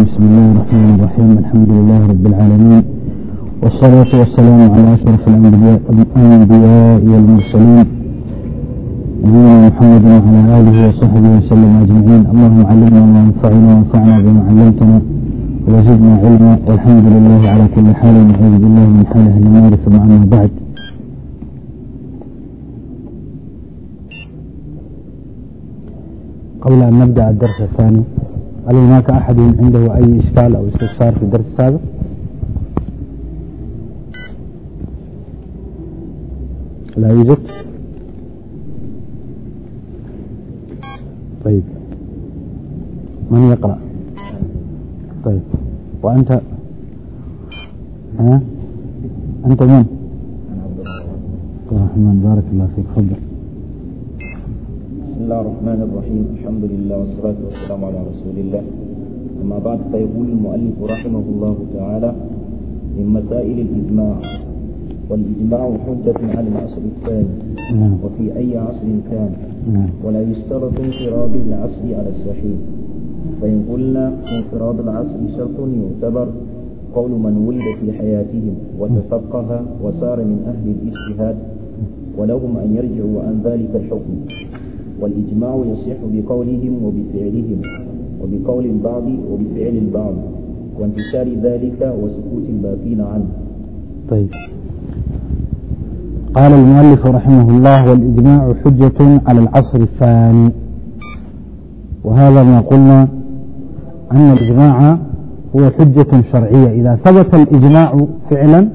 بسم الله الرحمن الرحيم الحمد لله رب العالمين والصلاة والسلام على أشرف الأنبياء والمرسلين نبينا محمد وعلى آله وصحبه وسلم أجمعين اللهم علمنا ما ينفعنا وانفعنا بما علمتنا وزدنا علما والحمد لله على كل حال ونعوذ بالله من حال أهل النار ثم أما بعد قبل أن نبدأ الدرس الثاني هل هناك أحد عنده أي إشكال أو استفسار في الدرس السابق؟ لا يوجد طيب من يقرأ طيب وأنت ها أنت من عبد الرحمن بارك الله فيك تفضل بسم الله الرحمن الرحيم الحمد لله والصلاة والسلام على رسول الله أما بعد فيقول المؤلف رحمه الله تعالى من مسائل الإجماع والإجماع حجة على العصر الثاني وفي أي عصر كان ولا يشترط انفراد العصر على الصحيح فإن قلنا انفراد العصر شرط يعتبر قول من ولد في حياتهم وتفقه وصار من أهل الاجتهاد ولهم أن يرجعوا عن ذلك الحكم والإجماع يصح بقولهم وبفعلهم وبقول البعض وبفعل البعض وانتشار ذلك وسكوت الباقين عنه طيب قال المؤلف رحمه الله والإجماع حجة على العصر الثاني وهذا ما قلنا أن الإجماع هو حجة شرعية إذا ثبت الإجماع فعلا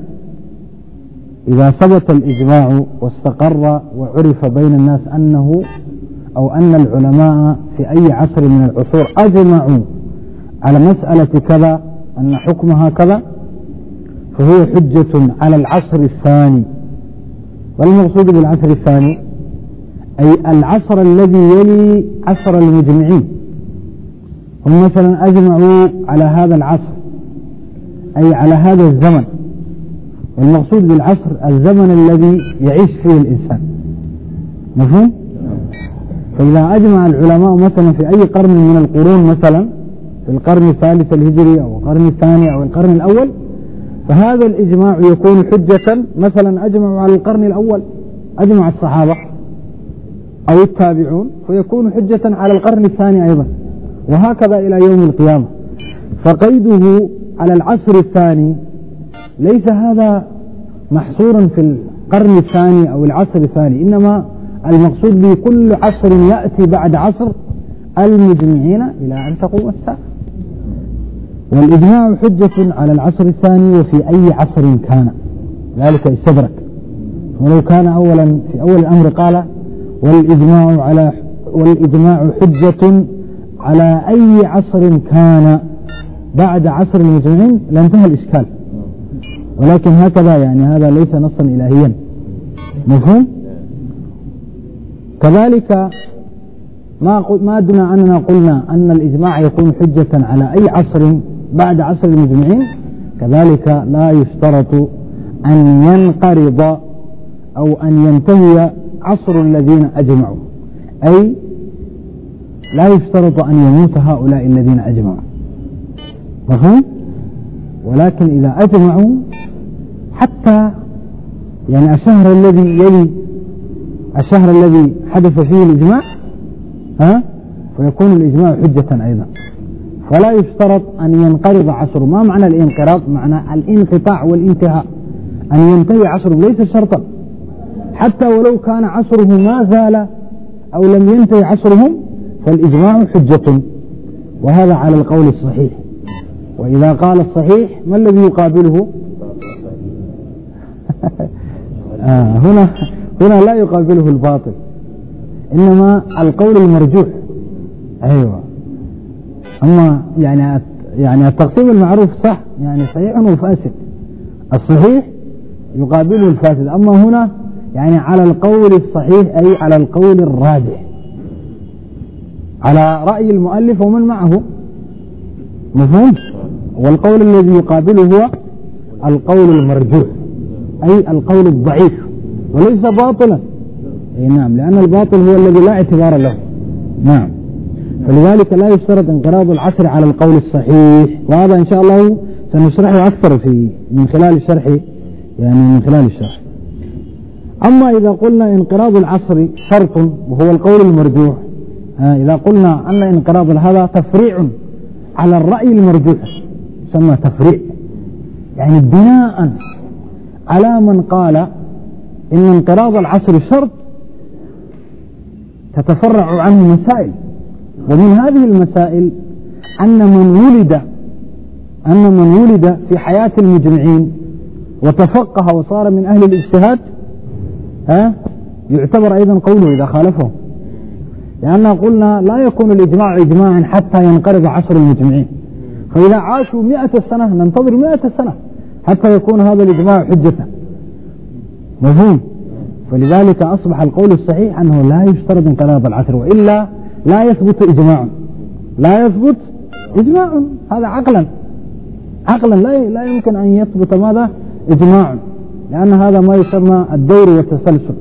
إذا ثبت الإجماع واستقر وعرف بين الناس أنه أو أن العلماء في أي عصر من العصور أجمعوا على مسألة كذا أن حكمها كذا فهو حجة على العصر الثاني والمقصود بالعصر الثاني أي العصر الذي يلي عصر المجمعين هم مثلا أجمعوا على هذا العصر أي على هذا الزمن والمقصود بالعصر الزمن الذي يعيش فيه الإنسان مفهوم؟ فإذا أجمع العلماء مثلا في أي قرن من القرون مثلا في القرن الثالث الهجري أو القرن الثاني أو القرن الأول فهذا الإجماع يكون حجة مثلا أجمع على القرن الأول أجمع الصحابة أو التابعون فيكون حجة على القرن الثاني أيضا وهكذا إلى يوم القيامة فقيده على العصر الثاني ليس هذا محصورا في القرن الثاني أو العصر الثاني إنما المقصود به كل عصر يأتي بعد عصر المجمعين إلى أن تقوم الساعة والإجماع حجة على العصر الثاني وفي أي عصر كان ذلك استدرك ولو كان أولا في أول الأمر قال والإجماع على والإجماع حجة على أي عصر كان بعد عصر المجمعين لانتهى الإشكال ولكن هكذا يعني هذا ليس نصا إلهيا مفهوم؟ كذلك ما ما دنا أننا قلنا أن الإجماع يكون حجة على أي عصر بعد عصر المجمعين كذلك لا يشترط أن ينقرض أو أن ينتهي عصر الذين أجمعوا أي لا يشترط أن يموت هؤلاء الذين أجمعوا مفهوم؟ ولكن إذا أجمعوا حتى يعني الشهر الذي يلي الشهر الذي حدث فيه الإجماع ها فيكون الإجماع حجة أيضا فلا يشترط أن ينقرض عشر ما معنى الانقراض معنى الانقطاع والانتهاء أن ينتهي عشر ليس شرطا حتى ولو كان عشره ما زال أو لم ينتهي عشرهم فالإجماع حجة وهذا على القول الصحيح وإذا قال الصحيح ما الذي يقابله آه هنا هنا لا يقابله الباطل إنما القول المرجوح أيوة أما يعني يعني التقسيم المعروف صح يعني صحيح وفاسد الصحيح يقابله الفاسد أما هنا يعني على القول الصحيح أي على القول الراجح على رأي المؤلف ومن معه مفهوم والقول الذي يقابله هو القول المرجوح أي القول الضعيف وليس باطلا اي نعم لأن الباطل هو الذي لا اعتبار له نعم فلذلك لا يشترط انقراض العصر على القول الصحيح وهذا إن شاء الله سنشرحه أكثر في من خلال الشرح يعني من خلال الشرح أما إذا قلنا انقراض العصر شرط وهو القول المرجوح إذا قلنا أن انقراض هذا تفريع على الرأي المرجوح يسمى تفريع يعني بناء على من قال إن انقراض العصر شرط تتفرع عنه مسائل ومن هذه المسائل أن من ولد أن من ولد في حياة المجمعين وتفقه وصار من أهل الاجتهاد ها يعتبر أيضا قوله إذا خالفه لأننا قلنا لا يكون الإجماع إجماعا حتى ينقرض عصر المجمعين فإذا عاشوا مئة سنة ننتظر مئة سنة حتى يكون هذا الإجماع حجة مفهوم فلذلك أصبح القول الصحيح أنه لا يشترط انقلاب العشر وإلا لا يثبت إجماع لا يثبت إجماع هذا عقلا عقلا لا لا يمكن أن يثبت ماذا إجماع لأن هذا ما يسمى الدور والتسلسل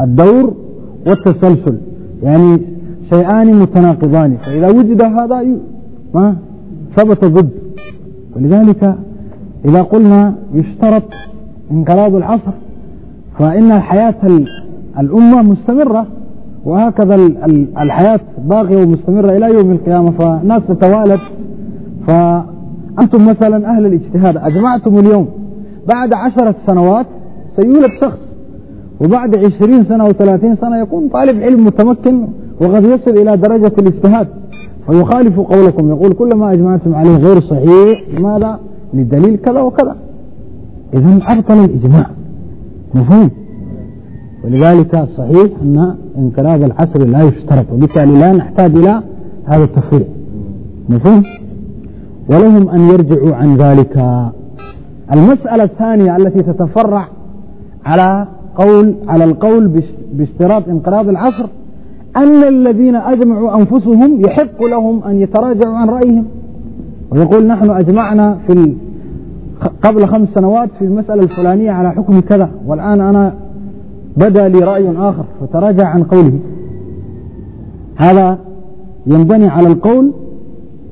الدور والتسلسل يعني شيئان متناقضان فإذا وجد هذا ما ثبت ضد ولذلك إذا قلنا يشترط انقلاب العصر فإن حياة الأمة مستمرة وهكذا الحياة باقية ومستمرة إلى يوم القيامة فناس تتوالد فأنتم مثلا أهل الاجتهاد أجمعتم اليوم بعد عشرة سنوات سيولد شخص وبعد عشرين سنة وثلاثين سنة يكون طالب علم متمكن وقد يصل إلى درجة الاجتهاد فيخالف قولكم يقول كل ما أجمعتم عليه غير صحيح لماذا؟ لدليل كذا وكذا إذا أبطل الإجماع مفهوم ولذلك صحيح أن انقراض العصر لا يشترط وبالتالي لا نحتاج إلى هذا التفريع مفهوم ولهم أن يرجعوا عن ذلك المسألة الثانية التي تتفرع على قول على القول باشتراط انقراض العصر أن الذين أجمعوا أنفسهم يحق لهم أن يتراجعوا عن رأيهم ويقول نحن أجمعنا في قبل خمس سنوات في المسألة الفلانية على حكم كذا والآن أنا بدا لي رأي آخر فتراجع عن قوله هذا ينبني على القول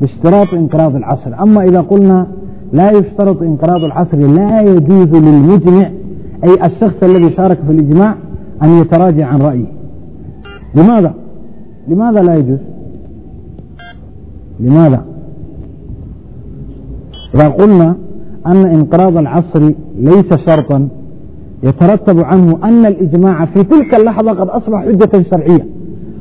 باشتراط انقراض العصر أما إذا قلنا لا يشترط انقراض العصر لا يجوز للمجمع أي الشخص الذي شارك في الإجماع أن يتراجع عن رأيه لماذا؟ لماذا لا يجوز؟ لماذا؟ إذا قلنا أن انقراض العصر ليس شرطا يترتب عنه أن الإجماع في تلك اللحظة قد أصبح حجة شرعية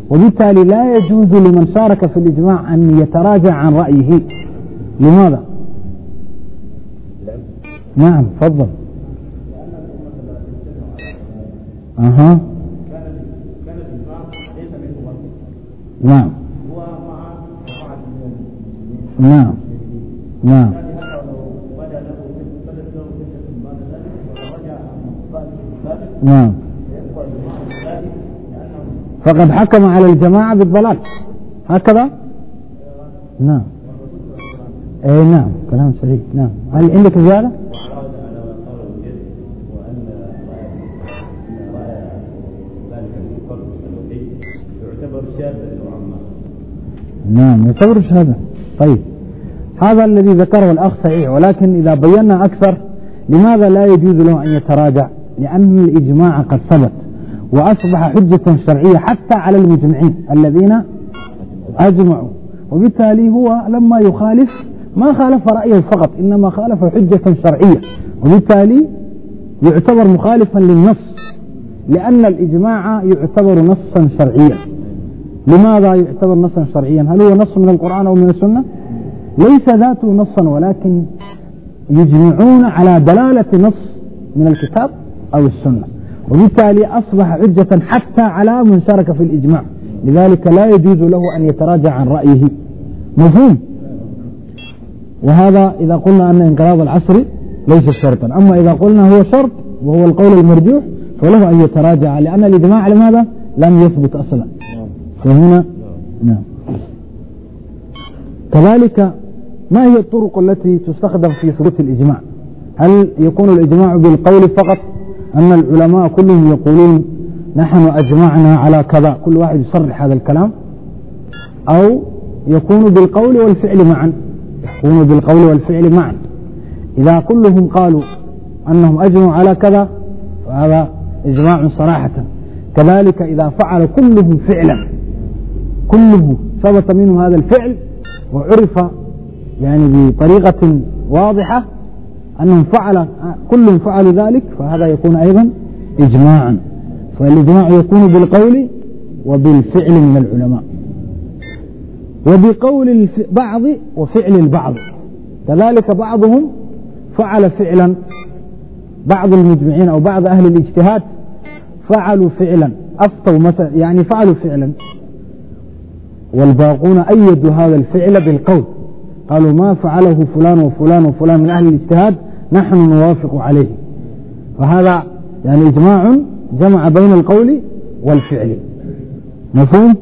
وبالتالي لا يجوز لمن شارك في الإجماع أن يتراجع عن رأيه لماذا؟ نعم تفضل أها نعم نعم نعم نعم فقد حكم على الجماعة بالضلال هكذا نعم اي نعم كلام سريع نعم هل عندك زيادة نعم يعتبر هذا طيب هذا الذي ذكره الأخ صحيح ولكن إذا بينا أكثر لماذا لا يجوز له أن يتراجع لأن الإجماع قد ثبت وأصبح حجة شرعية حتى على المجمعين الذين أجمعوا وبالتالي هو لما يخالف ما خالف رأيه فقط إنما خالف حجة شرعية وبالتالي يعتبر مخالفا للنص لأن الإجماع يعتبر نصا شرعيا لماذا يعتبر نصا شرعيا هل هو نص من القرآن أو من السنة ليس ذاته نصا ولكن يجمعون على دلالة نص من الكتاب أو السنة وبالتالي أصبح حجة حتى على من شارك في الإجماع لذلك لا يجوز له أن يتراجع عن رأيه مفهوم وهذا إذا قلنا أن انقراض العصر ليس شرطا أما إذا قلنا هو شرط وهو القول المرجوح فله أن يتراجع لأن الإجماع لماذا لم يثبت أصلا فهنا نعم كذلك ما هي الطرق التي تستخدم في ثبوت الإجماع هل يكون الإجماع بالقول فقط أما العلماء كلهم يقولون نحن أجمعنا على كذا كل واحد يصرح هذا الكلام أو يكون بالقول والفعل معا يكون بالقول والفعل معا إذا كلهم قالوا أنهم أجمعوا على كذا فهذا إجماع صراحة كذلك إذا فعل كلهم فعلا كله ثبت منه هذا الفعل وعرف يعني بطريقة واضحة أنهم فعل كل فعلوا ذلك فهذا يكون أيضا إجماعا فالإجماع يكون بالقول وبالفعل من العلماء وبقول البعض وفعل البعض كذلك بعضهم فعل فعلا بعض المجمعين أو بعض أهل الاجتهاد فعلوا فعلا أفطوا مثلا يعني فعلوا فعلا والباقون أيدوا هذا الفعل بالقول قالوا ما فعله فلان وفلان وفلان من أهل الاجتهاد نحن نوافق عليه فهذا يعني إجماع جمع بين القول والفعل مفهوم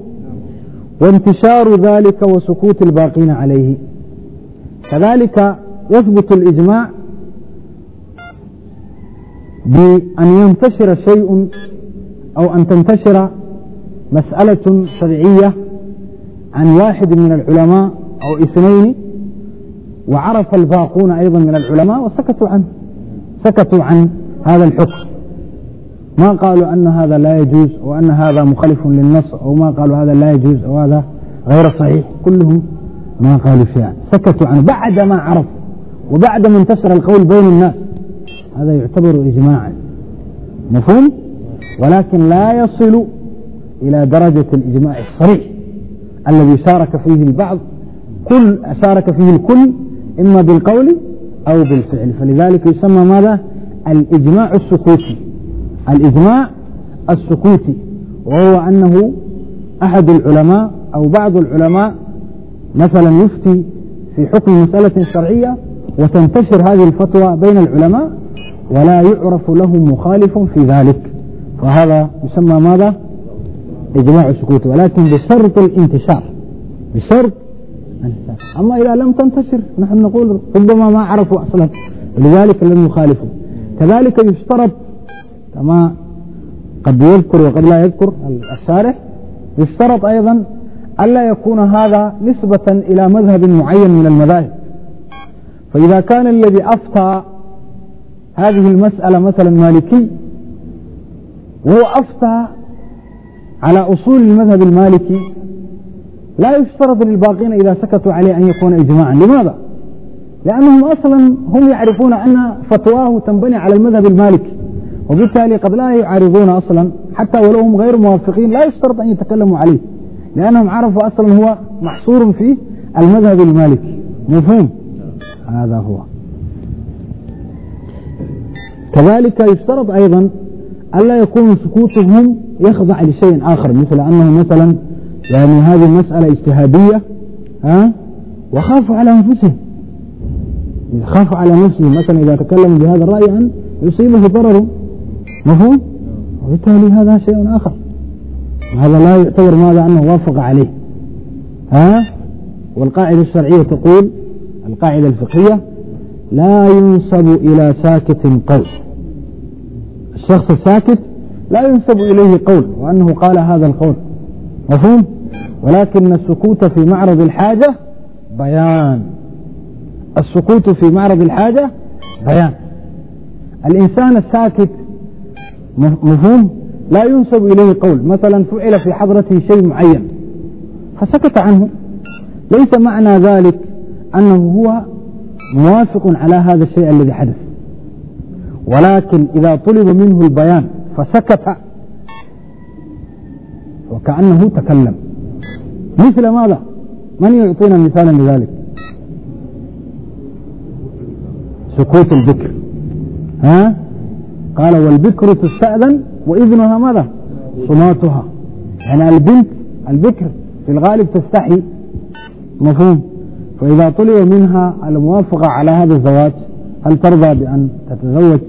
وانتشار ذلك وسكوت الباقين عليه كذلك يثبت الإجماع بأن ينتشر شيء أو أن تنتشر مسألة شرعية عن واحد من العلماء أو اثنين وعرف الباقون أيضا من العلماء وسكتوا عنه سكتوا عن هذا الحكم ما قالوا أن هذا لا يجوز وأن هذا مخالف للنص أو ما قالوا هذا لا يجوز أو هذا غير صحيح كلهم ما قالوا شيئا سكتوا عنه بعد ما عرفوا وبعد ما انتشر القول بين الناس هذا يعتبر إجماعا مفهوم ولكن لا يصل إلى درجة الإجماع الصريح الذي شارك فيه البعض كل شارك فيه الكل إما بالقول أو بالفعل فلذلك يسمى ماذا الإجماع السكوتي الإجماع السكوتي وهو أنه أحد العلماء أو بعض العلماء مثلا يفتي في حكم مسألة شرعية وتنتشر هذه الفتوى بين العلماء ولا يعرف له مخالف في ذلك فهذا يسمى ماذا إجماع السكوت ولكن بشرط الانتشار بشرط أما إذا لم تنتشر نحن نقول ربما ما عرفوا أصلا ولذلك لم يخالفوا كذلك يشترط كما قد يذكر وقد لا يذكر الشارح يشترط أيضا ألا يكون هذا نسبة إلى مذهب معين من المذاهب فإذا كان الذي أفتى هذه المسألة مثلا مالكي وهو أفتى على أصول المذهب المالكي لا يشترط للباقين إذا سكتوا عليه أن يكون إجماعا لماذا؟ لأنهم أصلا هم يعرفون أن فتواه تنبني على المذهب المالكي وبالتالي قد لا يعارضون أصلا حتى ولو هم غير موافقين لا يشترط أن يتكلموا عليه لأنهم عرفوا أصلا هو محصور في المذهب المالكي مفهوم هذا هو كذلك يشترط أيضا ألا يكون سكوتهم يخضع لشيء آخر مثل أنه مثلا لأن هذه مسألة اجتهادية ها وخافوا على أنفسهم خافوا على نفسه مثلا إذا تكلم بهذا الرأي أن يصيبه ضرر مفهوم؟ وبالتالي هذا شيء آخر هذا لا يعتبر ماذا أنه وافق عليه ها والقاعدة الشرعية تقول القاعدة الفقهية لا ينسب إلى ساكت قول الشخص الساكت لا ينسب إليه قول وأنه قال هذا القول مفهوم ولكن السكوت في معرض الحاجة بيان السكوت في معرض الحاجة بيان الإنسان الساكت مفهوم لا ينسب إليه قول مثلا فعل في حضرته شيء معين فسكت عنه ليس معنى ذلك أنه هو موافق على هذا الشيء الذي حدث ولكن إذا طلب منه البيان فسكت وكأنه تكلم مثل ماذا من يعطينا مثالا لذلك سكوت البكر ها قال والبكر تستأذن وإذنها ماذا صماتها يعني البنت البكر في الغالب تستحي مفهوم فإذا طلب منها الموافقة على هذا الزواج هل ترضى بأن تتزوج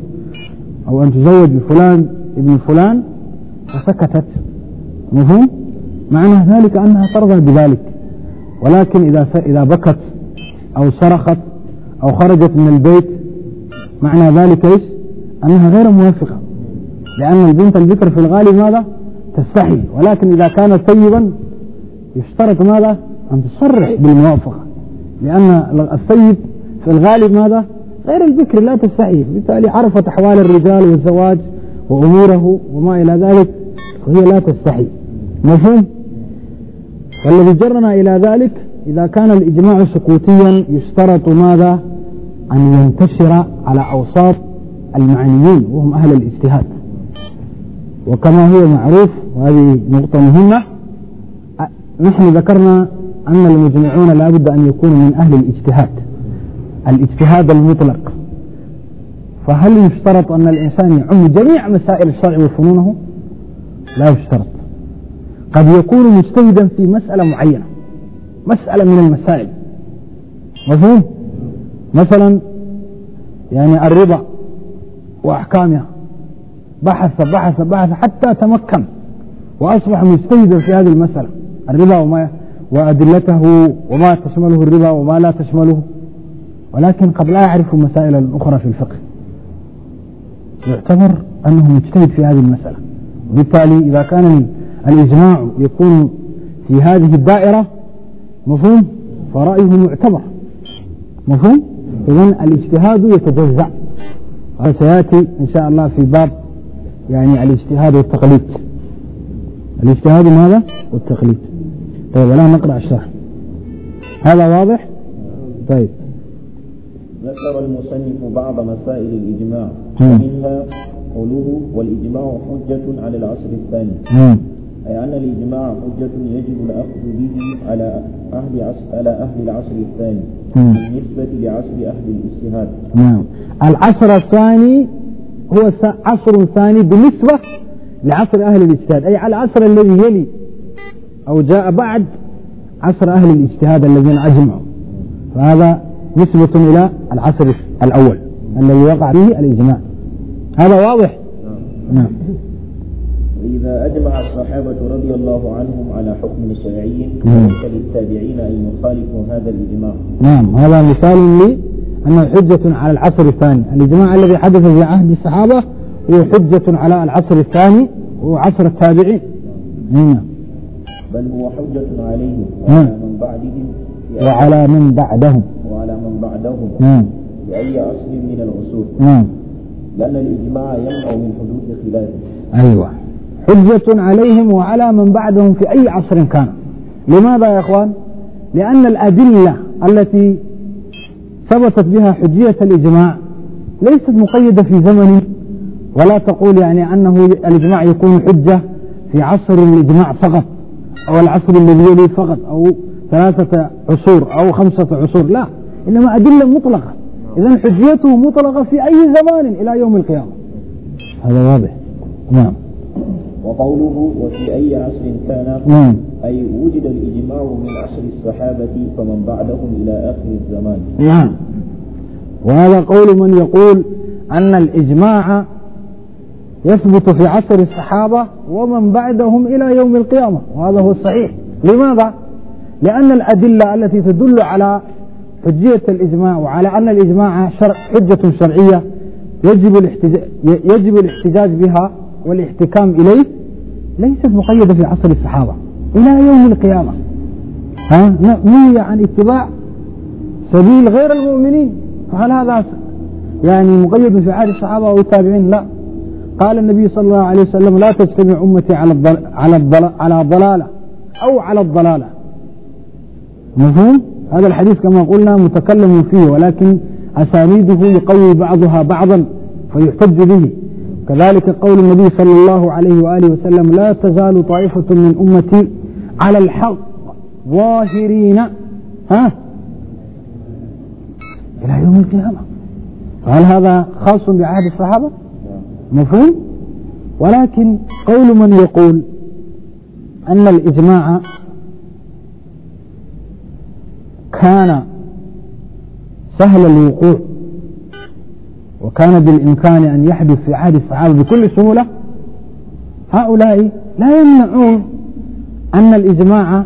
أو أن تزوج بفلان ابن فلان فسكتت مفهوم معنى ذلك أنها ترضى بذلك ولكن إذا إذا بكت أو صرخت أو خرجت من البيت معنى ذلك إيش أنها غير موافقة لأن البنت البكر في الغالب ماذا تستحي ولكن إذا كانت طيبا يشترط ماذا أن تصرح بالموافقة لأن السيد في الغالب ماذا غير البكر لا تستحي بالتالي عرفت أحوال الرجال والزواج وأموره وما إلى ذلك وهي لا تستحي مفهوم والذي جرنا إلى ذلك إذا كان الإجماع سكوتيا يشترط ماذا أن ينتشر على أوساط المعنيين وهم أهل الاجتهاد وكما هو معروف وهذه نقطة مهمة نحن ذكرنا أن المجمعون لا بد أن يكونوا من أهل الاجتهاد الاجتهاد المطلق فهل يشترط أن الإنسان يعم جميع مسائل الشرع وفنونه لا يشترط قد يكون مجتهدا في مسألة معينة مسألة من المسائل مفهوم مثلا يعني الربا وأحكامها بحث بحث بحث حتى تمكن وأصبح مجتهدا في هذه المسألة الربا وما وأدلته وما تشمله الربا وما لا تشمله ولكن قد لا يعرف مسائل أخرى في الفقه يعتبر أنه مجتهد في هذه المسألة وبالتالي إذا كان الإجماع يكون في هذه الدائرة مفهوم فرأيه معتبر مفهوم إذا الاجتهاد يتجزأ سيأتي إن شاء الله في باب يعني الاجتهاد والتقليد الاجتهاد ماذا والتقليد طيب الآن نقرأ الشرح هذا واضح طيب ذكر المصنف بعض مسائل الإجماع منها قوله والإجماع حجة على العصر الثاني أي أن الإجماع حجة يجب الأخذ به على أهل على أهل العصر الثاني نعم. بالنسبة لعصر أهل الاجتهاد. نعم العصر الثاني هو عصر ثاني بالنسبة لعصر أهل الاجتهاد أي على العصر الذي يلي أو جاء بعد عصر أهل الاجتهاد الذين أجمعوا فهذا نسبة إلى العصر الأول الذي وقع فيه الإجماع هذا واضح نعم, نعم. وإذا أجمع الصحابة رضي الله عنهم على حكم الشرعي فليس للتابعين أن يخالفوا هذا الإجماع. نعم هذا مثال لي أنه حجة على العصر الثاني، الإجماع الذي حدث في عهد الصحابة هو حجة على العصر الثاني وعصر التابعين. نعم. بل هو حجة عليهم نعم. وعلى من بعدهم وعلى من بعدهم وعلى من بعدهم نعم. بأي أصل من الأصول. نعم. لأن الإجماع يمنع من حدوث خلاف. أيوه. حجة عليهم وعلى من بعدهم في أي عصر كان لماذا يا أخوان لأن الأدلة التي ثبتت بها حجية الإجماع ليست مقيدة في زمن ولا تقول يعني أنه الإجماع يكون حجة في عصر الإجماع فقط أو العصر الذي يلي فقط أو ثلاثة عصور أو خمسة عصور لا إنما أدلة مطلقة إذا حجيته مطلقة في أي زمان إلى يوم القيامة هذا واضح نعم وقوله وفي أي عصر كان أي وجد الإجماع من عصر الصحابة فمن بعدهم إلى آخر الزمان نعم وهذا قول من يقول أن الإجماع يثبت في عصر الصحابة ومن بعدهم إلى يوم القيامة وهذا هو الصحيح لماذا؟ لأن الأدلة التي تدل على حجية الإجماع وعلى أن الإجماع شرع حجة شرعية يجب الاحتجاج, يجب الاحتجاج بها والاحتكام إليه ليست مقيدة في عصر الصحابة إلى يوم القيامة ها نهي عن اتباع سبيل غير المؤمنين فهل هذا يعني مقيد في عهد الصحابة والتابعين لا قال النبي صلى الله عليه وسلم لا تجتمع أمتي على الضل... على الضل... على الضلالة أو على الضلالة مفهوم؟ هذا الحديث كما قلنا متكلم فيه ولكن أسانيده يقوي بعضها بعضا فيحتج به كذلك قول النبي صلى الله عليه وآله وسلم لا تزال طائفة من أمتي على الحق ظاهرين ها إلى يوم القيامة فهل هذا خاص بعهد الصحابة مفهوم ولكن قول من يقول أن الإجماع كان سهل الوقوع وكان بالإمكان أن يحدث في عهد الصحابة بكل سهولة هؤلاء لا يمنعون أن الإجماع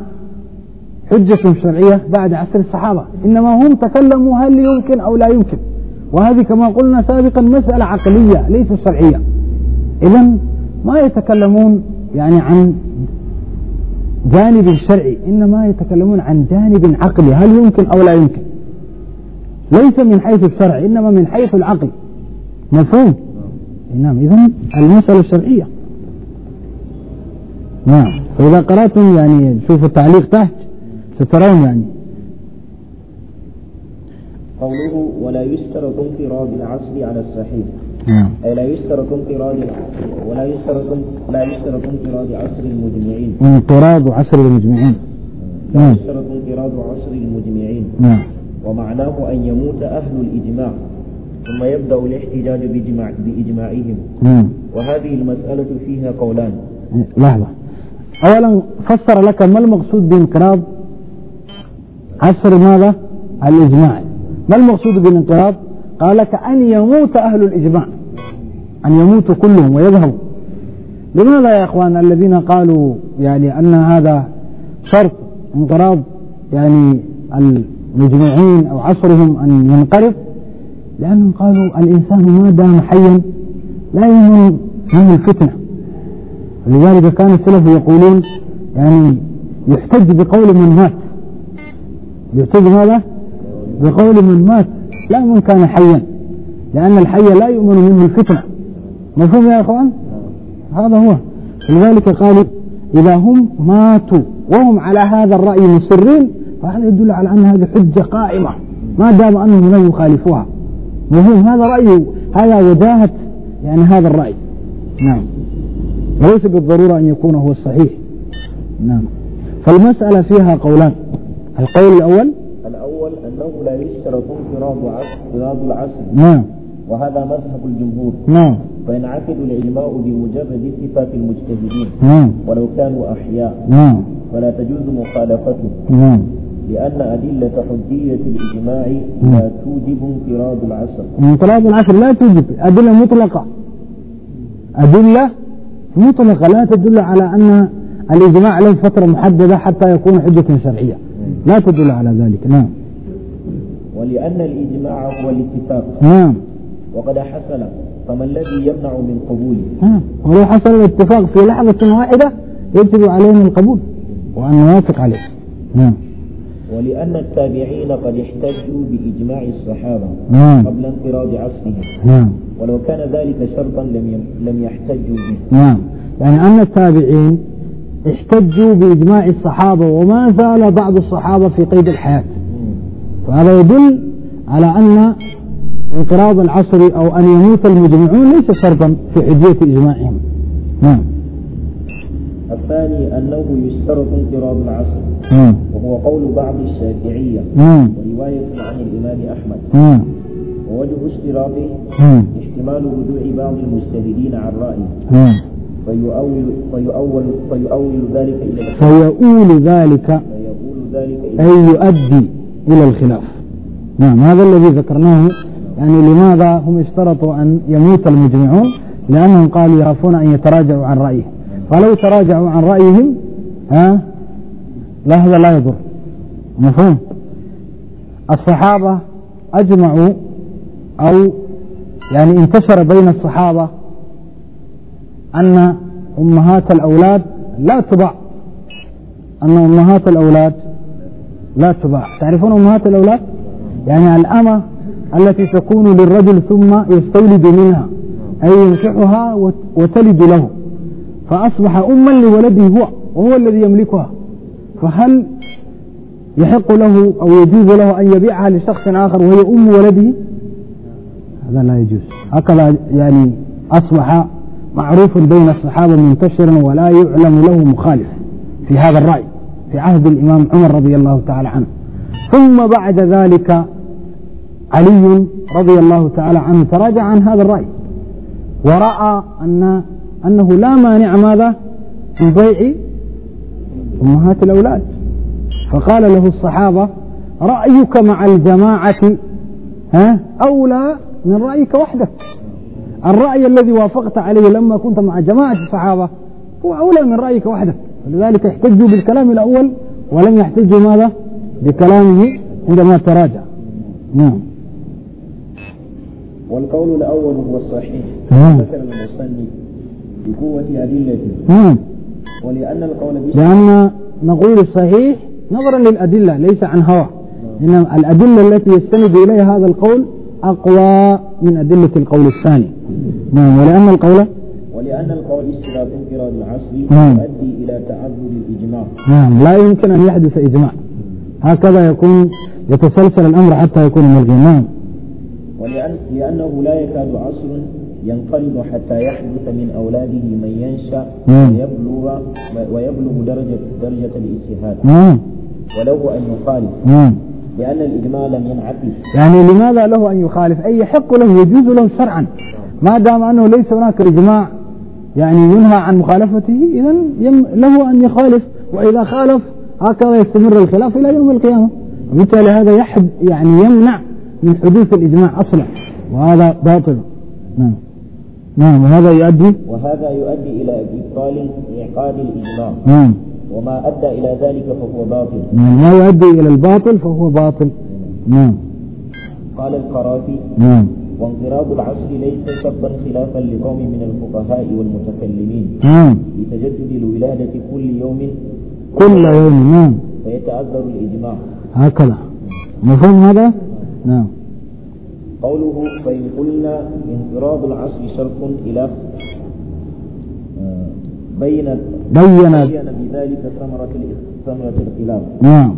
حجة شرعية بعد عصر الصحابة إنما هم تكلموا هل يمكن أو لا يمكن وهذه كما قلنا سابقا مسألة عقلية ليس شرعية إذا ما يتكلمون يعني عن جانب شرعي إنما يتكلمون عن جانب عقلي هل يمكن أو لا يمكن ليس من حيث الشرع إنما من حيث العقل مفهوم نعم إذا المسألة الشرعية نعم فإذا قرأتم يعني شوفوا التعليق تحت سترون يعني قوله ولا يشترط انفراد العصر على الصحيح نعم. أي لا يشترط انفراد ولا يشترط لا يشترط انفراد عصر المجمعين انقراض عصر المجمعين لا يشترط انفراد عصر المجمعين نعم. ومعناه أن يموت أهل الإجماع ثم يبدأ الاحتجاج بإجماع بإجماعهم وهذه المسألة فيها قولان لحظة أولا فسر لك ما المقصود بانقراض عصر ماذا الإجماع ما المقصود بالانقراض قال لك أن يموت أهل الإجماع أن يموتوا كلهم ويذهبوا لماذا يا أخوان الذين قالوا يعني أن هذا شرط انقراض يعني المجمعين أو عصرهم أن ينقرض لأنهم قالوا الإنسان ما دام حيا لا يؤمن من الفتنة ولذلك كان السلف يقولون يعني يحتج بقول من مات يحتج ماذا؟ بقول من مات لا من كان حيا لأن الحي لا يؤمن منه الفتنة مفهوم يا إخوان؟ هذا هو لذلك قالوا إذا هم ماتوا وهم على هذا الرأي مصرين فهذا يدل على أن هذه حجة قائمة ما دام أنهم لم يخالفوها مهم هذا رأيه هذا وجاهة يعني هذا الرأي نعم وليس بالضرورة أن يكون هو الصحيح نعم فالمسألة فيها قولان القول الأول الأول أنه لا يشترط انفراد عقد العصر نعم وهذا مذهب الجمهور نعم فينعقد العلماء بمجرد صفات المجتهدين نعم ولو كانوا أحياء نعم ولا تجوز مخالفته نعم لأن أدلة حجية الإجماع لا توجب انقراض العشر انقراض العشر لا توجب أدلة مطلقة أدلة مطلقة لا تدل على أن الإجماع له فترة محددة حتى يكون حجة شرعية لا تدل على ذلك نعم ولأن الإجماع هو الاتفاق نعم وقد حصل فما الذي يمنع من قبوله؟ نعم ولو حصل الاتفاق في لحظة واحدة يجب علينا القبول وأن نوافق عليه نعم ولأن التابعين قد احتجوا بإجماع الصحابة مم. نعم. قبل انقراض عصرهم نعم ولو كان ذلك شرطا لم لم يحتجوا به نعم يعني أن التابعين احتجوا بإجماع الصحابة وما زال بعض الصحابة في قيد الحياة فهذا يدل على أن انقراض العصر أو أن يموت المجمعون ليس شرطا في حجية إجماعهم نعم الثاني أنه يشترط انقراض العصر وهو قول بعض الشافعية ورواية عن الإمام أحمد ووجه اشتراطه احتمال رجوع بعض المجتهدين عن رأيه فيؤول فيؤول فيؤول ذلك إلى فيؤول ذلك فيؤول ذلك إلى أي يؤدي إلى الخلاف نعم هذا الذي ذكرناه يعني لماذا هم اشترطوا أن يموت المجمعون لأنهم قالوا يخافون أن يتراجعوا عن رأيهم فلو تراجعوا عن رأيهم ها لا هذا لا يضر مفهوم الصحابة أجمعوا أو يعني انتشر بين الصحابة أن أمهات الأولاد لا تباع أن أمهات الأولاد لا تباع تعرفون أمهات الأولاد يعني الأمة التي تكون للرجل ثم يستولد منها أي ينكحها وتلد له فأصبح أما لولده هو وهو الذي يملكها فهل يحق له أو يجوز له أن يبيعها لشخص آخر وهي أم ولده هذا لا يجوز هكذا يعني أصبح معروف بين الصحابة منتشرا ولا يعلم له مخالف في هذا الرأي في عهد الإمام عمر رضي الله تعالى عنه ثم بعد ذلك علي رضي الله تعالى عنه تراجع عن هذا الرأي ورأى أن أنه لا مانع ماذا من بيع أمهات الأولاد فقال له الصحابة رأيك مع الجماعة ها أولى من رأيك وحدك الرأي الذي وافقت عليه لما كنت مع جماعة الصحابة هو أولى من رأيك وحدك ولذلك احتجوا بالكلام الأول ولم يحتجوا ماذا بكلامه عندما تراجع نعم والقول الأول هو الصحيح نعم. ذكر المصنف بقوة أدلته نعم. ولأن القول به لأن نقول الصحيح نظرا للأدلة ليس عن هوى إنما الأدلة التي يستند إليها هذا القول أقوى من أدلة القول الثاني نعم ولأن القول ولأن القول استلاب انفراد العصر نعم. يؤدي إلى تعذر الإجماع نعم لا يمكن أن يحدث إجماع هكذا يكون يتسلسل الأمر حتى يكون ملغي نعم ولأن لأنه لا يكاد عصر ينقرض حتى يحدث من أولاده من ينشأ ويبلغ ويبلغ درجة درجة الاجتهاد وله أن يخالف لأن الإجماع لم ينعكس يعني لماذا له أن يخالف أي حق له يجوز له شرعا ما دام أنه ليس هناك إجماع يعني ينهى عن مخالفته إذا له أن يخالف وإذا خالف هكذا يستمر الخلاف إلى يوم القيامة وبالتالي هذا يحد يعني يمنع من حدوث الإجماع أصلا وهذا باطل نعم نعم وهذا يؤدي وهذا يؤدي إلى إبطال إعقاد الإجماع نعم وما أدى إلى ذلك فهو باطل نعم ما يؤدي إلى الباطل فهو باطل نعم قال القرافي نعم وانقراض العصر ليس سبا خلافا لقوم من الفقهاء والمتكلمين نعم لتجدد الولادة كل يوم كل يوم نعم فيتعذر الإجماع هكذا مفهوم هذا؟ نعم قوله فإن قلنا انفراد العصر شرط إلى بين بين بذلك ثمرة ثمرة الخلاف نعم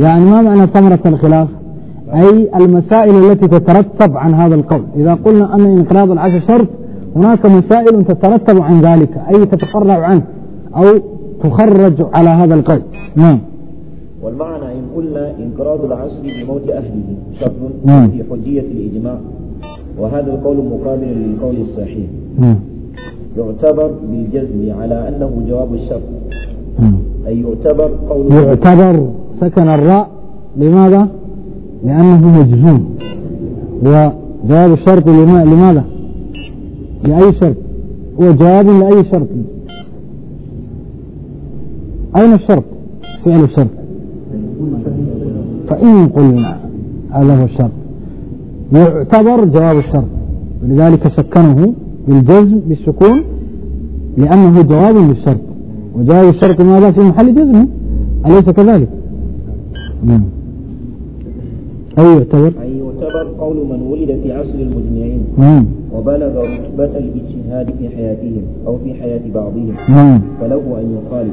يعني ما معنى ثمرة الخلاف؟ أي المسائل التي تترتب عن هذا القول إذا قلنا أن انقراض العشر شرط هناك مسائل تترتب عن ذلك أي تتفرع عنه أو تخرج على هذا القول نعم والمعنى إن قلنا انقراض العصر بموت أهله شرط في حجية الإجماع وهذا القول مقابل للقول الصحيح يعتبر بالجزم على أنه جواب الشرط أي يعتبر قول يعتبر سكن الراء لماذا؟ لأنه مجزوم وجواب الشرط لماذا؟ لأي شرط؟ هو جواب لأي شرط؟ أين الشرط؟ فعل الشرط فإن قلنا هذا هو الشرط يعتبر جواب الشرط ولذلك سكنه بالجزم بالسكون لأنه جواب للشرط وجواب الشرط ماذا في محل جزمه أليس كذلك؟ نعم أي يعتبر أي يعتبر قول من ولد في عصر المجمعين نعم وبلغ رتبة الاجتهاد في حياتهم أو في حياة بعضهم نعم فله أن يخالف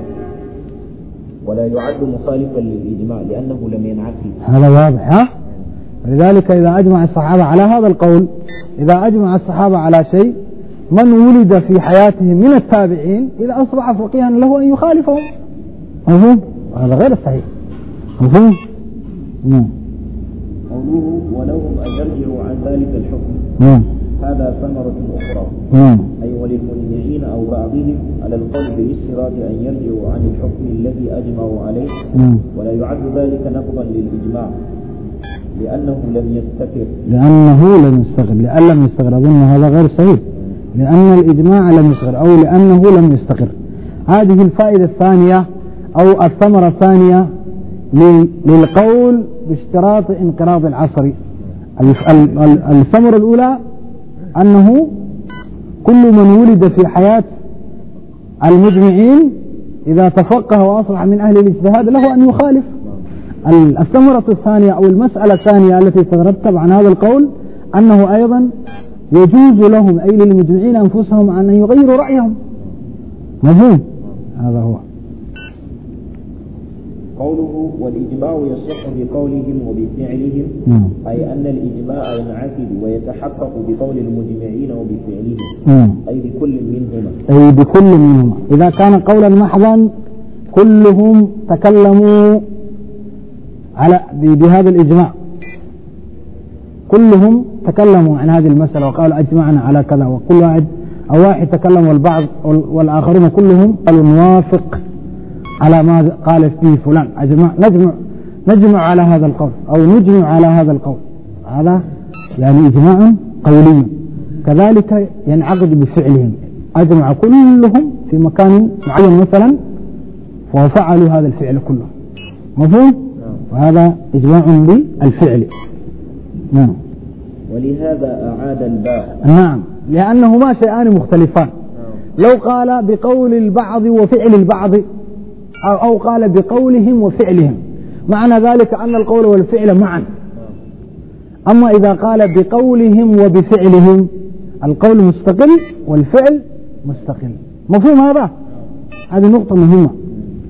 ولا يعد مخالفا للإجماع لأنه لم ينعكس هذا واضح ها؟ لذلك إذا أجمع الصحابة على هذا القول إذا أجمع الصحابة على شيء من ولد في حياته من التابعين إذا أصبح فقيها له أن يخالفهم مفهوم؟ هذا غير صحيح مفهوم؟ نعم قوله ولو أن يرجعوا عن ذلك الحكم نعم هذا ثمرة أخرى نعم. أي وللمجمعين أو بعضهم على القول بالاستراد أن يرجعوا عن الحكم الذي أجمعوا عليه نعم. ولا يعد ذلك نقضا للإجماع لأنه لم يستقر لأنه لم يستقر لأن لم يستقر أظن هذا غير صحيح لأن الإجماع لم يستقر أو لأنه لم يستقر هذه الفائدة الثانية أو الثمرة الثانية للقول باشتراط انقراض العصر الثمرة الأولى أنه كل من ولد في حياة المجمعين إذا تفقه وأصبح من أهل الاجتهاد له أن يخالف الثمرة الثانية أو المسألة الثانية التي تترتب عن هذا القول أنه أيضا يجوز لهم أي للمجمعين أنفسهم أن يغيروا رأيهم مفهوم هذا هو قوله والإجماع يصح بقولهم وبفعلهم نعم. أي أن الإجماع ينعقد ويتحقق بقول المجمعين وبفعلهم نعم. أي بكل منهما أي بكل منهما إذا كان قولا محضا كلهم تكلموا على بهذا الإجماع كلهم تكلموا عن هذه المسألة وقالوا أجمعنا على كذا وكل واحد أو واحد تكلم والبعض والآخرون كلهم قالوا نوافق على ما قال فيه فلان أجمع نجمع نجمع على هذا القول أو نجمع على هذا القول هذا يعني إجماع قولي كذلك ينعقد بفعلهم أجمع كلهم في مكان معين مثلا وفعلوا هذا الفعل كله مفهوم؟ وهذا إجماع بالفعل نعم ولهذا أعاد الباء نعم لأنهما شيئان مختلفان نعم. لو قال بقول البعض وفعل البعض أو قال بقولهم وفعلهم معنى ذلك أن القول والفعل معا أما إذا قال بقولهم وبفعلهم القول مستقل والفعل مستقل مفهوم هذا هذه نقطة مهمة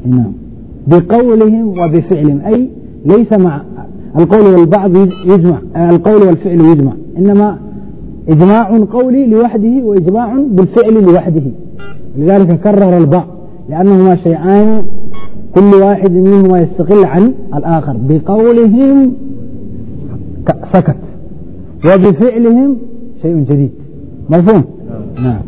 نعم بقولهم وبفعلهم أي ليس مع القول والبعض يجمع آه، القول والفعل يجمع إنما إجماع قولي لوحده وإجماع بالفعل لوحده لذلك كرر البعض لأنهما شيئان كل واحد منهما يستقل عن الآخر بقولهم سكت وبفعلهم شيء جديد مفهوم؟ نعم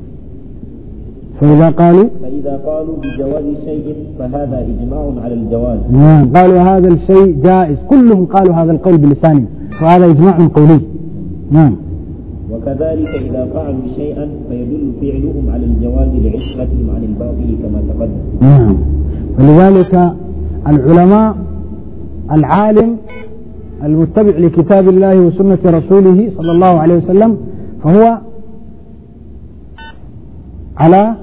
فإذا قالوا فإذا قالوا بجواز شيء فهذا إجماع على الجواز نعم قالوا هذا الشيء جائز كلهم قالوا هذا القول بلسانهم وهذا إجماع قولي نعم وكذلك إذا فعلوا شيئا فيدل فعلهم على الجواز لعشرتهم عن الباطل كما تقدم نعم ولذلك العلماء العالم المتبع لكتاب الله وسنة رسوله صلى الله عليه وسلم فهو على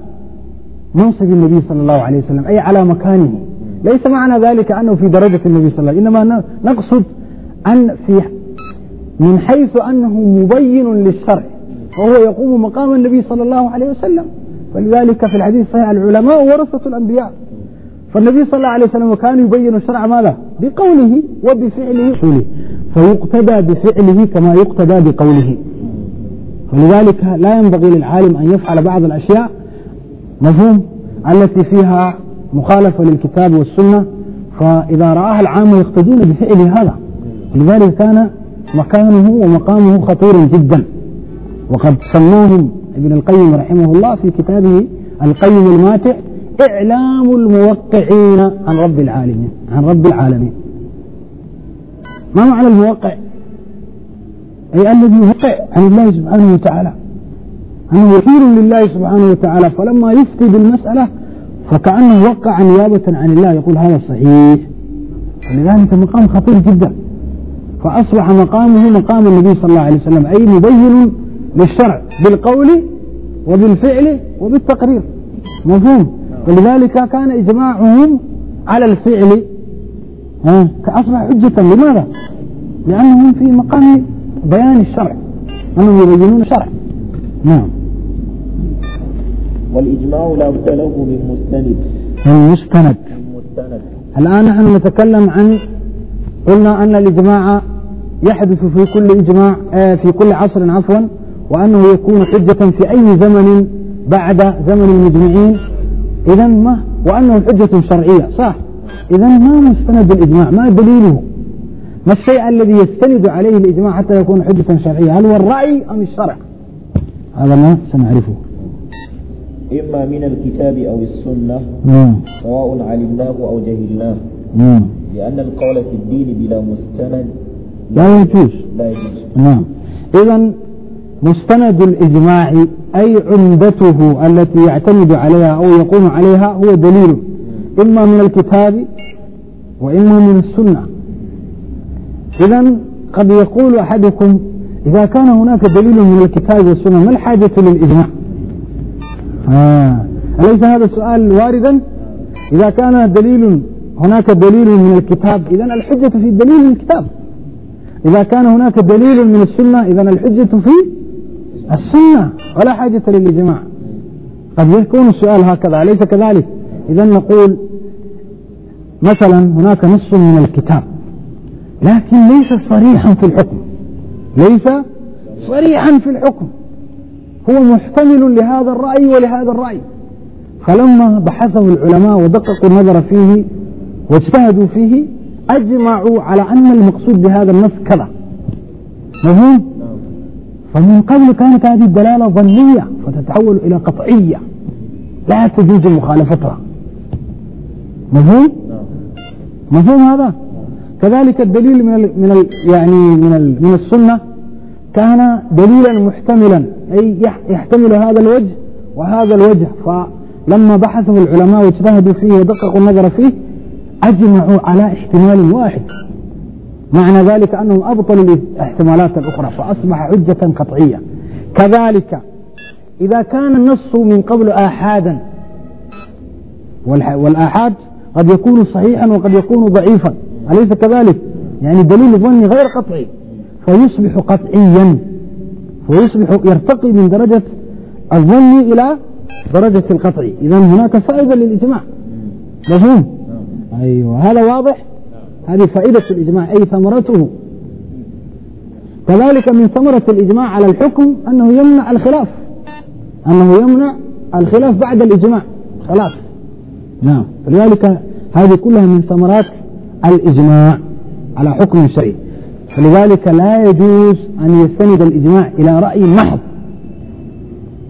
منصب النبي صلى الله عليه وسلم أي على مكانه ليس معنى ذلك أنه في درجة النبي صلى الله عليه وسلم إنما نقصد أن في من حيث أنه مبين للشرع وهو يقوم مقام النبي صلى الله عليه وسلم فلذلك في الحديث الصحيح العلماء ورثة الأنبياء فالنبي صلى الله عليه وسلم كان يبين الشرع ماذا بقوله وبفعله حوله فيقتدى بفعله كما يقتدى بقوله ولذلك لا ينبغي للعالم أن يفعل بعض الأشياء مفهوم التي فيها مخالفة للكتاب والسنة فإذا رآها العامة يقتدون بفعل هذا لذلك كان مكانه ومقامه خطير جدا وقد سماهم ابن القيم رحمه الله في كتابه القيم الماتع إعلام الموقعين عن رب العالمين عن رب العالمين ما معنى الموقع أي الذي يوقع عن الله سبحانه وتعالى أنه وكيل لله سبحانه وتعالى فلما يفتي بالمسألة فكأنه وقع نيابة عن الله يقول هذا صحيح لذلك مقام خطير جدا فأصبح مقامه مقام النبي صلى الله عليه وسلم أي مبين للشرع بالقول وبالفعل وبالتقرير مفهوم ولذلك كان إجماعهم على الفعل أصبح حجة لماذا؟ لأنهم في مقام بيان الشرع أنهم يبينون الشرع نعم والإجماع لا بد له من مستند من مستند الآن نحن نتكلم عن قلنا أن الإجماع يحدث في كل إجماع آه، في كل عصر عفوا وأنه يكون حجة في أي زمن بعد زمن المجمعين إذا ما وأنه حجة شرعية صح إذا ما مستند الإجماع ما دليله ما الشيء الذي يستند عليه الإجماع حتى يكون حجة شرعية هل هو الرأي أم الشرع هذا ما سنعرفه إما من الكتاب أو السنة نعم. سواء علمناه أو جهلناه نعم. لأن القول في الدين بلا مستند لا يجوز لا يجوز نعم إذا مستند الإجماع أي عمدته التي يعتمد عليها أو يقوم عليها هو دليل إما من الكتاب وإما من السنة إذا قد يقول أحدكم إذا كان هناك دليل من الكتاب والسنة ما الحاجة للإجماع آه. أليس هذا السؤال واردا إذا كان دليل هناك دليل من الكتاب إذا الحجة في دليل الكتاب إذا كان هناك دليل من السنة إذا الحجة في السنة ولا حاجة للإجماع قد يكون السؤال هكذا أليس كذلك إذا نقول مثلا هناك نص من الكتاب لكن ليس صريحا في الحكم ليس صريحا في الحكم هو محتمل لهذا الرأي ولهذا الرأي فلما بحثه العلماء ودققوا النظر فيه واجتهدوا فيه أجمعوا على أن المقصود بهذا النص كذا مفهوم؟ فمن قبل كانت هذه الدلالة ظنية فتتحول إلى قطعية لا تجوز مخالفتها مفهوم؟ مفهوم هذا؟ كذلك الدليل من الـ من الـ يعني من من السنة كان دليلا محتملا أي يحتمل هذا الوجه وهذا الوجه فلما بحثه العلماء واجتهدوا فيه ودققوا النظر فيه أجمعوا على احتمال واحد معنى ذلك أنهم أبطلوا الاحتمالات الأخرى فأصبح حجة قطعية كذلك إذا كان النص من قبل آحادا والآحاد قد يكون صحيحا وقد يكون ضعيفا أليس كذلك يعني دليل ظني غير قطعي فيصبح قطعيا فيصبح يرتقي من درجة الظن إلى درجة القطعي إذا هناك فائدة للإجماع مفهوم نعم. أيوه هذا واضح هذه فائدة الإجماع أي ثمرته كذلك من ثمرة الإجماع على الحكم أنه يمنع الخلاف أنه يمنع الخلاف بعد الإجماع خلاص نعم فلذلك هذه كلها من ثمرات الإجماع على حكم شيء فلذلك لا يجوز أن يستند الإجماع إلى رأي محض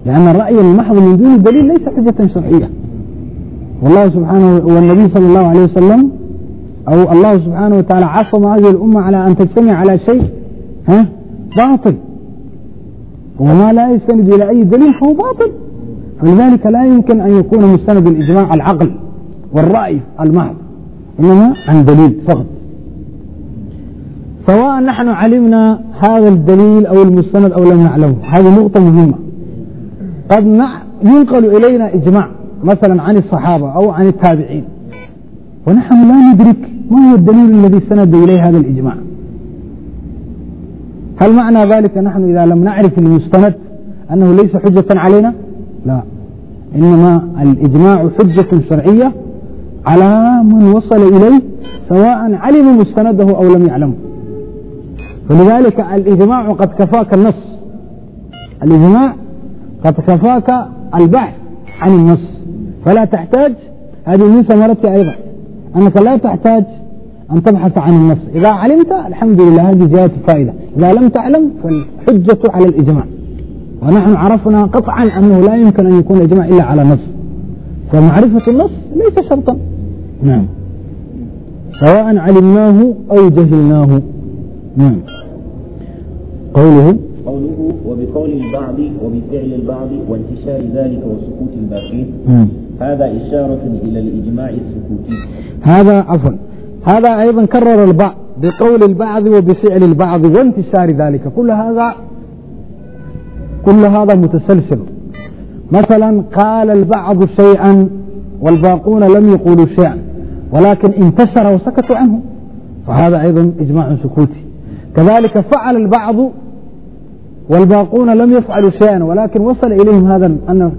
لأن الرأي المحض من دون دليل ليس حجة شرعية والله سبحانه والنبي صلى الله عليه وسلم أو الله سبحانه وتعالى عصم هذه الأمة على أن تجتمع على شيء ها باطل وما لا يستند إلى أي دليل فهو باطل فلذلك لا يمكن أن يكون مستند الإجماع العقل والرأي المحض إنما عن دليل فقط سواء نحن علمنا هذا الدليل أو المستند أو لم نعلمه هذه نقطة مهمة قد ينقل إلينا إجماع مثلا عن الصحابة أو عن التابعين ونحن لا ندرك ما هو الدليل الذي سند إليه هذا الإجماع هل معنى ذلك نحن إذا لم نعرف المستند أنه ليس حجة علينا لا إنما الإجماع حجة شرعية على من وصل إليه سواء علم مستنده أو لم يعلمه فلذلك الإجماع قد كفاك النص الإجماع قد كفاك البحث عن النص فلا تحتاج هذه من ثمرتها أيضا أنك لا تحتاج أن تبحث عن النص إذا علمت الحمد لله هذه زيادة فائدة إذا لم تعلم فالحجة على الإجماع ونحن عرفنا قطعا أنه لا يمكن أن يكون الإجماع إلا على نص فمعرفة النص ليس شرطا نعم سواء علمناه أو جهلناه نعم قوله قوله وبقول البعض وبفعل البعض وانتشار ذلك وسكوت الباقين نعم. هذا إشارة إلى الإجماع السكوتي هذا عفوا هذا أيضا كرر البعض بقول البعض وبفعل البعض وانتشار ذلك كل هذا كل هذا متسلسل مثلا قال البعض شيئا والباقون لم يقولوا شيئا ولكن انتشر وسكتوا عنه فهذا أيضا إجماع سكوتي كذلك فعل البعض والباقون لم يفعلوا شيئا ولكن وصل إليهم هذا أن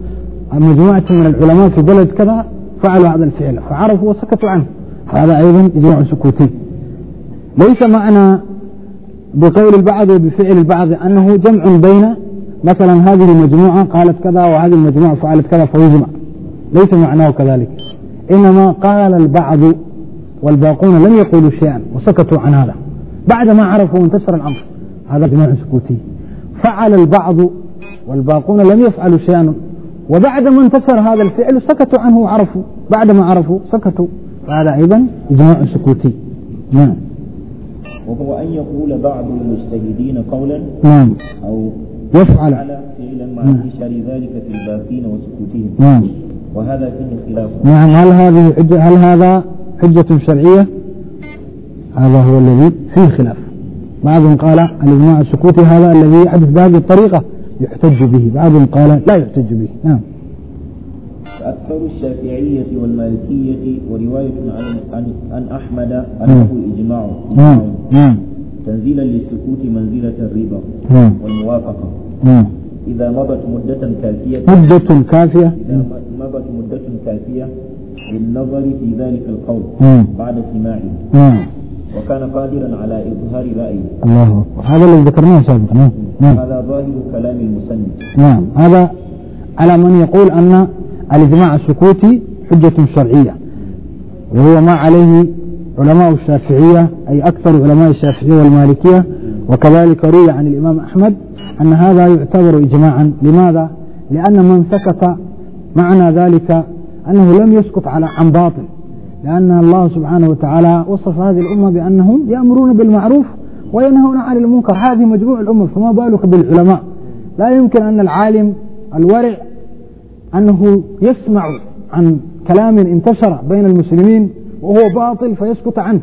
مجموعة من العلماء في بلد كذا فعلوا هذا الفعل فعرفوا وسكتوا عنه هذا أيضا إجماع سكوتي ليس معنى بقول البعض وبفعل البعض أنه جمع بين مثلا هذه المجموعة قالت كذا وهذه المجموعة فعلت كذا فيجمع ليس معناه كذلك إنما قال البعض والباقون لم يقولوا شيئا وسكتوا عن هذا بعد ما عرفوا انتشر الأمر هذا جماع سكوتي فعل البعض والباقون لم يفعلوا شيئا وبعد ما انتشر هذا الفعل سكتوا عنه وعرفوا بعد ما عرفوا سكتوا فهذا أيضا إجماع سكوتي نعم وهو أن يقول بعض المجتهدين قولا نعم أو يفعل فعلا مع نعم. انتشار ذلك في الباقين وسكوتهم نعم وهذا فيه خلاف نعم هل هذه هل هذا حجة شرعية؟ هذا هو الذي فيه خلاف بعضهم قال الإجماع السكوتي هذا الذي يحدث بهذه الطريقة يحتج به بعضهم قال لا يحتج به نعم فأكثر الشافعية والمالكية ورواية عن عن أحمد أنه نعم. إجماع نعم. نعم. تنزيلا للسكوت منزلة الربا والموافقة إذا مضت مدة كافية مدة كافية إذا مضت مدة كافية للنظر في ذلك القول بعد سماعه وكان قادرا على إظهار رأيه الله أكبر هذا الذي ذكرناه سابقا نعم. نعم. هذا ظاهر كلام المسلم نعم هذا على من يقول أن الإجماع السكوتي حجة شرعية وهو ما عليه علماء الشافعية أي أكثر علماء الشافعية والمالكية وكذلك روي عن الإمام أحمد أن هذا يعتبر إجماعا لماذا؟ لأن من سكت معنى ذلك أنه لم يسكت على عن باطل لأن الله سبحانه وتعالى وصف هذه الأمة بأنهم يأمرون بالمعروف وينهون عن المنكر هذه مجموع الأمة فما بالك بالعلماء لا يمكن أن العالم الورع أنه يسمع عن كلام انتشر بين المسلمين وهو باطل فيسكت عنه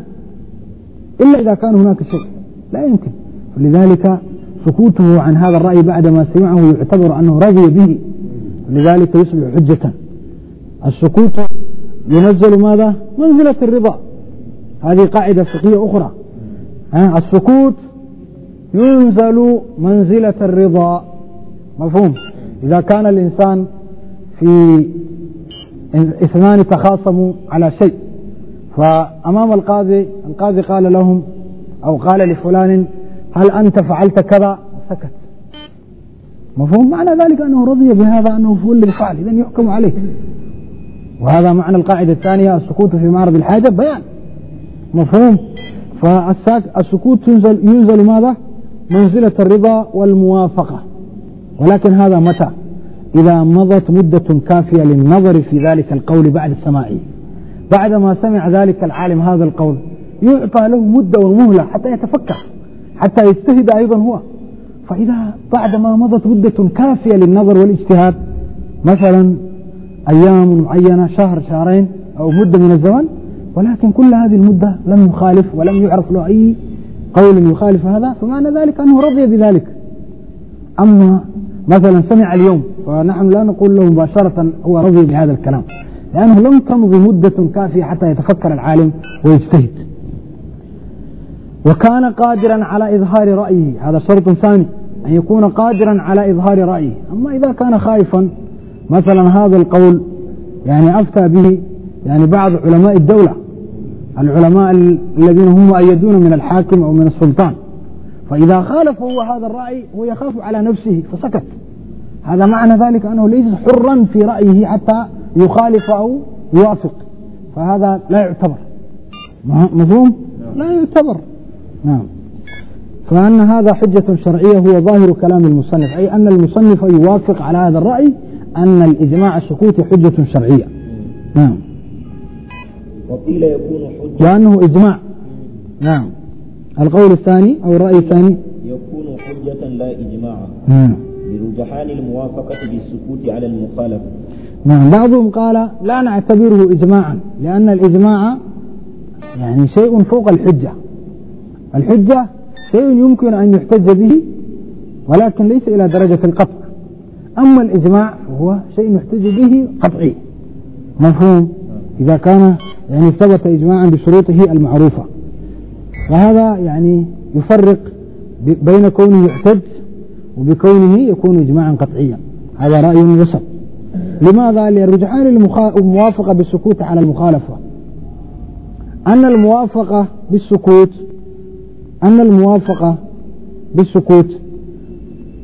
إلا إذا كان هناك شيء لا يمكن لذلك سكوته عن هذا الرأي بعدما سمعه يعتبر أنه رضي به لذلك يصبح حجة السكوت ينزل ماذا منزلة الرضا هذه قاعدة فقهية أخرى ها السكوت ينزل منزلة الرضا مفهوم إذا كان الإنسان في اثنان تخاصموا على شيء فأمام القاضي القاضي قال لهم أو قال لفلان هل أنت فعلت كذا سكت مفهوم معنى ذلك أنه رضي بهذا أنه فول الفعل إذا يحكم عليه وهذا معنى القاعدة الثانية السكوت في معرض الحاجة بيان مفهوم فالسكوت ينزل, ينزل ماذا منزلة الرضا والموافقة ولكن هذا متى إذا مضت مدة كافية للنظر في ذلك القول بعد سماعه بعدما سمع ذلك العالم هذا القول يعطى له مدة ومهلة حتى يتفكر حتى يجتهد أيضا هو فإذا بعدما مضت مدة كافية للنظر والاجتهاد مثلا أيام معينة شهر شهرين أو مدة من الزمن ولكن كل هذه المدة لم يخالف ولم يعرف له أي قول يخالف هذا فمعنى ذلك أنه رضي بذلك أما مثلا سمع اليوم فنحن لا نقول له مباشرة هو رضي بهذا الكلام لأنه لم تمضي مدة كافية حتى يتفكر العالم ويجتهد وكان قادرا على إظهار رأيه هذا شرط ثاني أن يكون قادرا على إظهار رأيه أما إذا كان خائفا مثلا هذا القول يعني أفتى به يعني بعض علماء الدولة العلماء الذين هم مؤيدون من الحاكم أو من السلطان فإذا خالف هو هذا الرأي هو يخاف على نفسه فسكت هذا معنى ذلك أنه ليس حرا في رأيه حتى يخالف أو يوافق فهذا لا يعتبر مفهوم؟ نعم. لا يعتبر نعم فأن هذا حجة شرعية هو ظاهر كلام المصنف أي أن المصنف يوافق على هذا الرأي أن الإجماع السكوتي حجة شرعية نعم وقيل يكون حجة وأنه إجماع نعم القول الثاني أو الرأي الثاني يكون حجة لا إجماع نعم لرجحان الموافقة بالسكوت على المخالفة نعم بعضهم قال لا نعتبره إجماعا لأن الإجماع يعني شيء فوق الحجة الحجة شيء يمكن أن يحتج به ولكن ليس إلى درجة القطع أما الإجماع فهو شيء يحتج به قطعي مفهوم إذا كان يعني ثبت إجماعا بشروطه المعروفة وهذا يعني يفرق بين كونه يحتج وبكونه يكون إجماعا قطعيا هذا رأي وسط لماذا؟ لرجعان الموافقة بالسكوت على المخالفة أن الموافقة بالسكوت أن الموافقة بالسكوت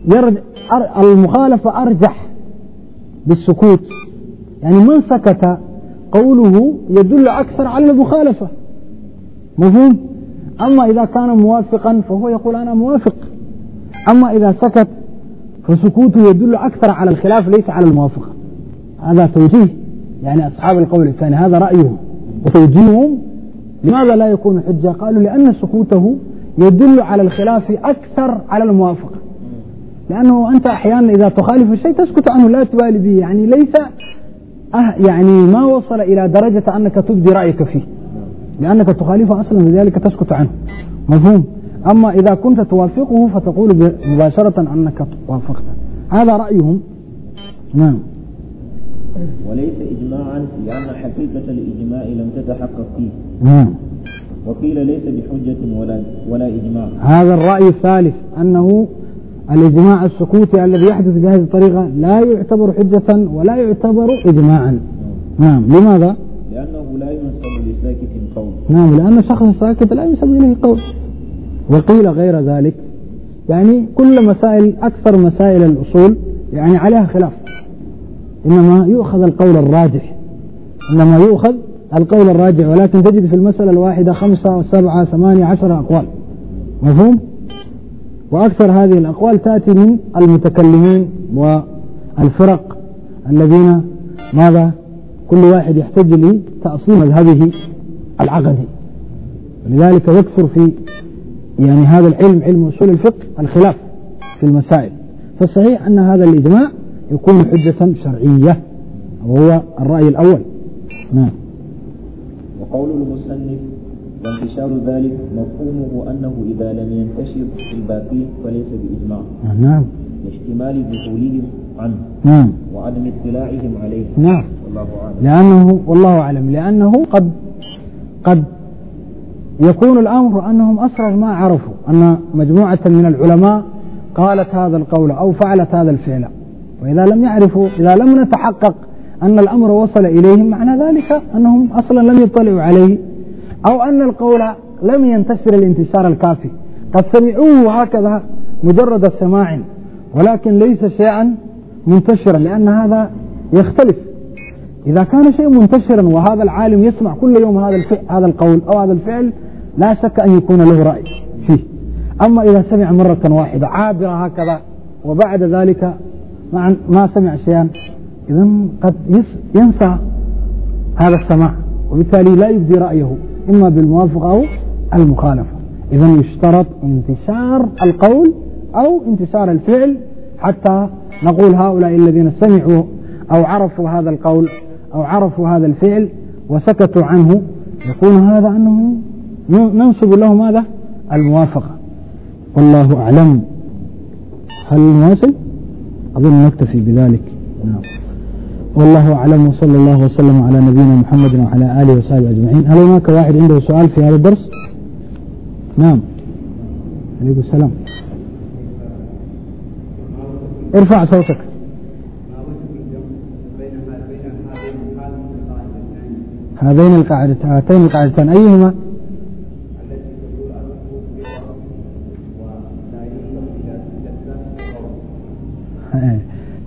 يرد المخالفة أرجح بالسكوت يعني من سكت قوله يدل أكثر على المخالفة مفهوم أما إذا كان موافقا فهو يقول أنا موافق أما إذا سكت فسكوته يدل أكثر على الخلاف ليس على الموافقة هذا توجيه يعني أصحاب القول الثاني هذا رأيهم وتوجيههم لماذا لا يكون حجة قالوا لأن سكوته يدل على الخلاف أكثر على الموافقة لأنه أنت أحيانا إذا تخالف الشيء تسكت عنه لا تبالي به يعني ليس أه يعني ما وصل إلى درجة أنك تبدي رأيك فيه لأنك تخالفه أصلا لذلك تسكت عنه مفهوم أما إذا كنت توافقه فتقول مباشرة أنك وافقته هذا رأيهم نعم وليس إجماعا لأن حقيقة الإجماع لم تتحقق فيه نعم وقيل ليس بحجة ولا ولا إجماع هذا الرأي الثالث أنه الإجماع السكوتي الذي يحدث بهذه الطريقة لا يعتبر حجة ولا يعتبر إجماعا نعم لماذا؟ لأنه لا ينسب لساكت قول نعم لأن الشخص الساكت لا ينسب إليه قول وقيل غير ذلك يعني كل مسائل أكثر مسائل الأصول يعني عليها خلاف إنما يؤخذ القول الراجح إنما يؤخذ القول الراجح ولكن تجد في المسألة الواحدة خمسة وسبعة ثمانية عشر أقوال مفهوم؟ وأكثر هذه الأقوال تأتي من المتكلمين والفرق الذين ماذا كل واحد يحتج لتأصيل مذهبه العقدي لذلك يكثر في يعني هذا العلم علم أصول الفقه الخلاف في المسائل فالصحيح أن هذا الإجماع يكون حجة شرعية وهو الرأي الأول نعم وقول المصنف وانتشار ذلك مفهومه أنه إذا لم ينتشر في الباقين فليس بإجماع نعم. نعم لاحتمال دخولهم عنه نعم وعدم اطلاعهم عليه نعم والله أعلم لأنه والله أعلم لأنه قد قد يكون الأمر أنهم أسرر ما عرفوا أن مجموعة من العلماء قالت هذا القول أو فعلت هذا الفعل وإذا لم يعرفوا إذا لم نتحقق أن الأمر وصل إليهم معنى ذلك أنهم أصلا لم يطلعوا عليه أو أن القول لم ينتشر الانتشار الكافي قد سمعوه هكذا مجرد سماع ولكن ليس شيئا منتشرا لأن هذا يختلف إذا كان شيء منتشرا وهذا العالم يسمع كل يوم هذا هذا القول أو هذا الفعل لا شك أن يكون له رأي فيه أما إذا سمع مرة واحدة عابرة هكذا وبعد ذلك ما سمع شيئا إذا قد ينسى هذا السماع وبالتالي لا يبدي رأيه إما بالموافقة أو المخالفة إذا يشترط انتشار القول أو انتشار الفعل حتى نقول هؤلاء الذين سمعوا أو عرفوا هذا القول أو عرفوا هذا الفعل وسكتوا عنه يكون هذا أنه ننسب له ماذا الموافقة والله أعلم هل نواصل أظن نكتفي بذلك نعم والله أعلم وصلى الله وسلم على نبينا محمد وعلى آله وصحبه أجمعين هل هناك واحد عنده سؤال في هذا الدرس نعم عليكم السلام ارفع صوتك هذين القاعدتان هاتين القاعدتان أيهما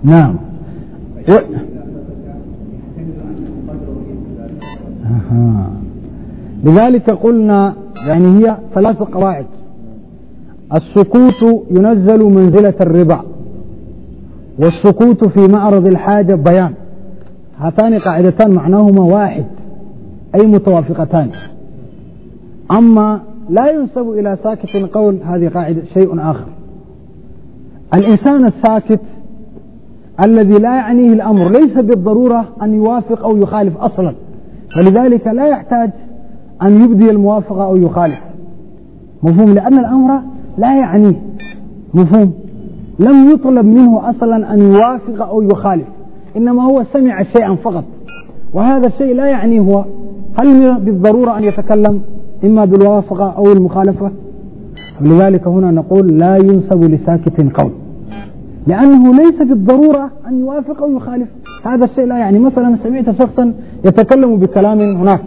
نعم أها. لذلك قلنا يعني هي ثلاث قواعد السكوت ينزل منزلة الربا والسكوت في معرض الحاجة بيان هاتان قاعدتان معناهما واحد أي متوافقتان أما لا ينسب إلى ساكت القول هذه قاعدة شيء آخر الإنسان الساكت الذي لا يعنيه الأمر ليس بالضرورة أن يوافق أو يخالف أصلا فلذلك لا يحتاج أن يبدي الموافقة أو يخالف مفهوم لأن الأمر لا يعنيه مفهوم لم يطلب منه أصلا أن يوافق أو يخالف إنما هو سمع شيئا فقط وهذا الشيء لا يعني هو هل بالضرورة أن يتكلم إما بالوافقة أو المخالفة لذلك هنا نقول لا ينسب لساكت قول لأنه ليس بالضرورة أن يوافق أو يخالف هذا الشيء لا يعني مثلا سمعت شخصا يتكلم بكلام هناك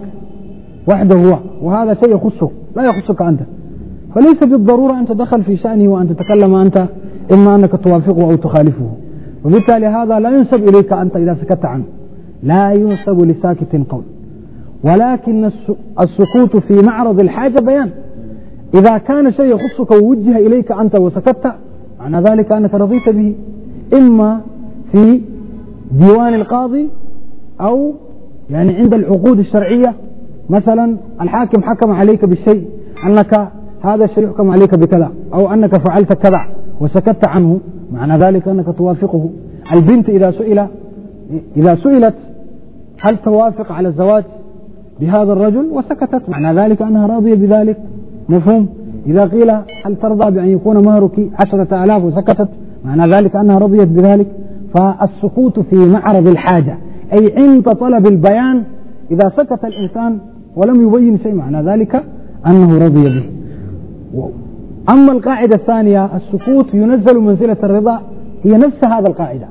وحده هو وهذا شيء يخصه لا يخصك أنت فليس بالضرورة أن تدخل في شأنه وأن تتكلم أنت إما أنك توافقه أو تخالفه وبالتالي هذا لا ينسب إليك أنت إذا سكت عنه لا ينسب لساكت قول ولكن السكوت في معرض الحاجة بيان إذا كان شيء يخصك ووجه إليك أنت وسكت معنى ذلك أنك رضيت به إما في ديوان القاضي أو يعني عند العقود الشرعية مثلا الحاكم حكم عليك بالشيء أنك هذا الشيء يحكم عليك بكذا أو أنك فعلت كذا وسكت عنه معنى ذلك أنك توافقه البنت إذا سئل إذا سئلت هل توافق على الزواج بهذا الرجل وسكتت معنى ذلك أنها راضية بذلك مفهوم إذا قيل هل ترضى بأن يكون مهرك عشرة آلاف وسكتت معنى ذلك أنها رضيت بذلك فالسكوت في معرض الحاجة أي عند طلب البيان إذا سكت الإنسان ولم يبين شيء معنى ذلك أنه رضي به أما القاعدة الثانية السكوت ينزل منزلة الرضا هي نفس هذا القاعدة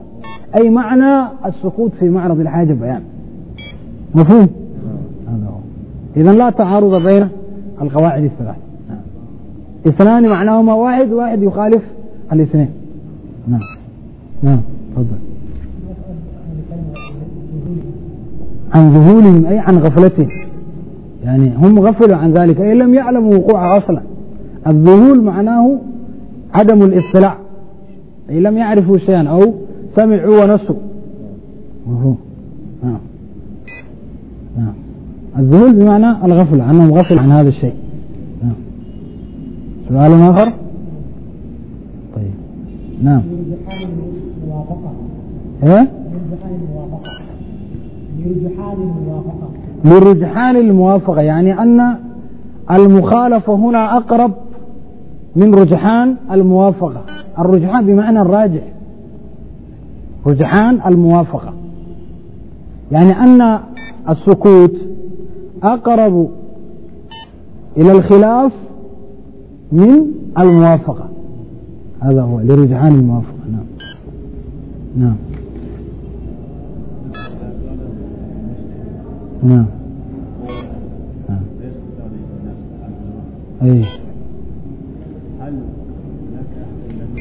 أي معنى السكوت في معرض الحاجة بيان مفهوم هذا هو إذا لا تعارض بين القواعد الثلاث اثنان معناهما واحد واحد يخالف الاثنين نعم نعم تفضل عن ذهولهم أي عن غفلتهم يعني هم غفلوا عن ذلك أي لم يعلموا وقوعه أصلا الذهول معناه عدم الاطلاع أي لم يعرفوا شيئا أو سمعوا ونسوا نعم نعم الذهول بمعنى الغفلة أنهم غفل عن هذا الشيء نعم سؤال آخر طيب نعم ايه لرجحان الموافقة لرجحان الموافقة يعني أن المخالفة هنا أقرب من رجحان الموافقة الرجحان بمعنى الراجح رجحان الموافقة يعني أن السكوت أقرب إلى الخلاف من الموافقة هذا هو لرجحان الموافقة نعم نعم نعم أي هل لك أن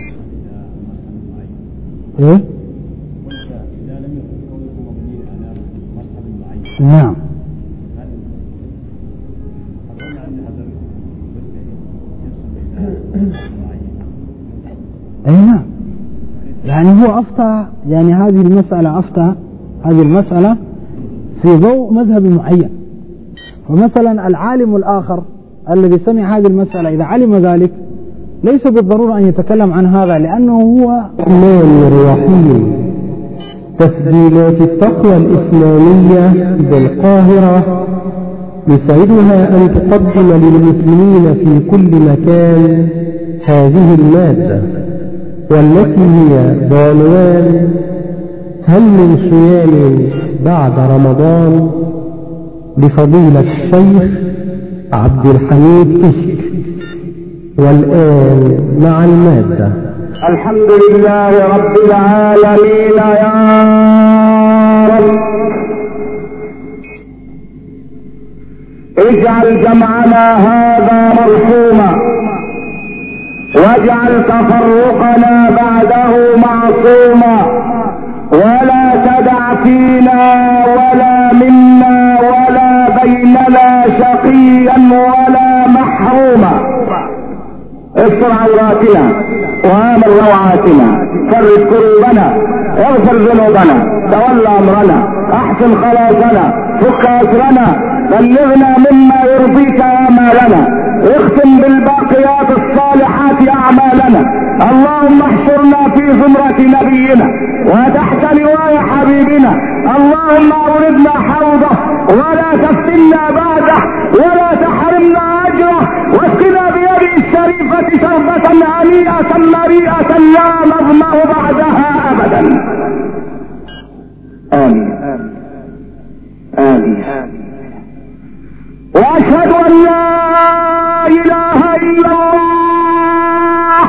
إيه؟ إذا لم يكن قولك مبني على مذهب معين. نعم. هل أن هذا أي نعم. يعني هو أفتى يعني هذه المسألة أفتى هذه المسألة في ضوء مذهب معين فمثلا العالم الآخر الذي سمع هذه المسألة إذا علم ذلك ليس بالضرورة أن يتكلم عن هذا لأنه هو إيمان رياحي تسجيلات التقوى الإسلامية بالقاهرة يسعدها أن تقدم للمسلمين في كل مكان هذه المادة والتي هي بعنوان هل من صيام بعد رمضان لفضيلة الشيخ عبد الحميد كشك والآن مع المادة الحمد لله رب العالمين يا رب اجعل جمعنا هذا مرحوما واجعل تفرقنا بعده معصوما ولا فينا ولا منا ولا بيننا شقيا ولا محروما استر عوراتنا وامن روعاتنا فرج قلوبنا اغفر ذنوبنا تولى امرنا احسن خلاصنا فك اسرنا بلغنا مما يرضيك وما لنا اختم بالباقيات الصالحات اعمالنا اللهم احشرنا في زمرة نبينا وتحت لواء حبيبنا اللهم اوردنا حوضه ولا تفتنا بعده ولا تحرمنا اجره واسقنا بيده الشريفة شربة هنيئة مريئة لا نظمأ بعدها ابدا امين امين امين واشهد ان لا اله الا الله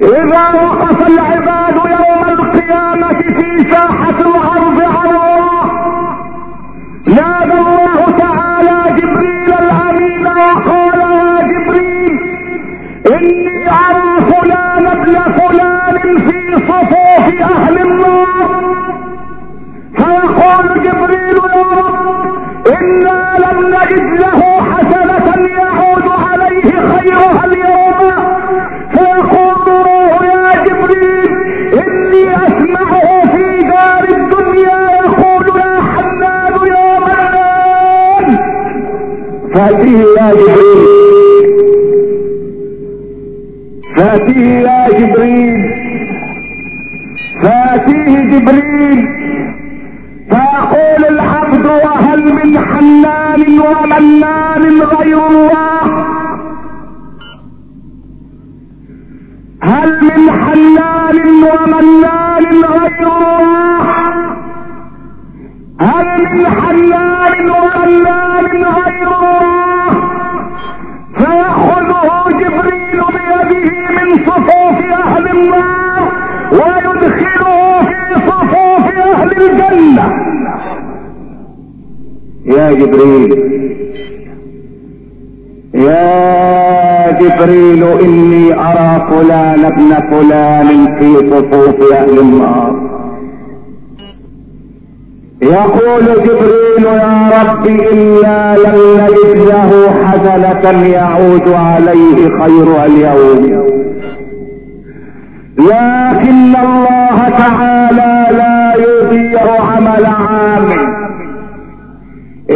اذا وقف العباد يوم القيامة في ساحة الارض الله نادى الله تعالى جبريل الامين وقال يا جبريل اني ارى فلان ابن فلان في صفوف اهل الله تجد له حسنة يعود عليه خيرها اليوم فيقول روح يا جبريل اني اسمعه في دار الدنيا يقول يا حماد يا منان فاتيه يا جبريل فاتيه يا جبريل فاتيه جبريل فيقول العبد وهل من حنان നിന്നോടല്ല നിന്ന് പറയുന്നു جبريل يا جبريل إني أرى فلان ابن فلان في صفوف أهل النار يقول جبريل يا رب إلا لم نجد له حزنة يعود عليه خير اليوم لكن الله تعالى لا يضيع عمل عامل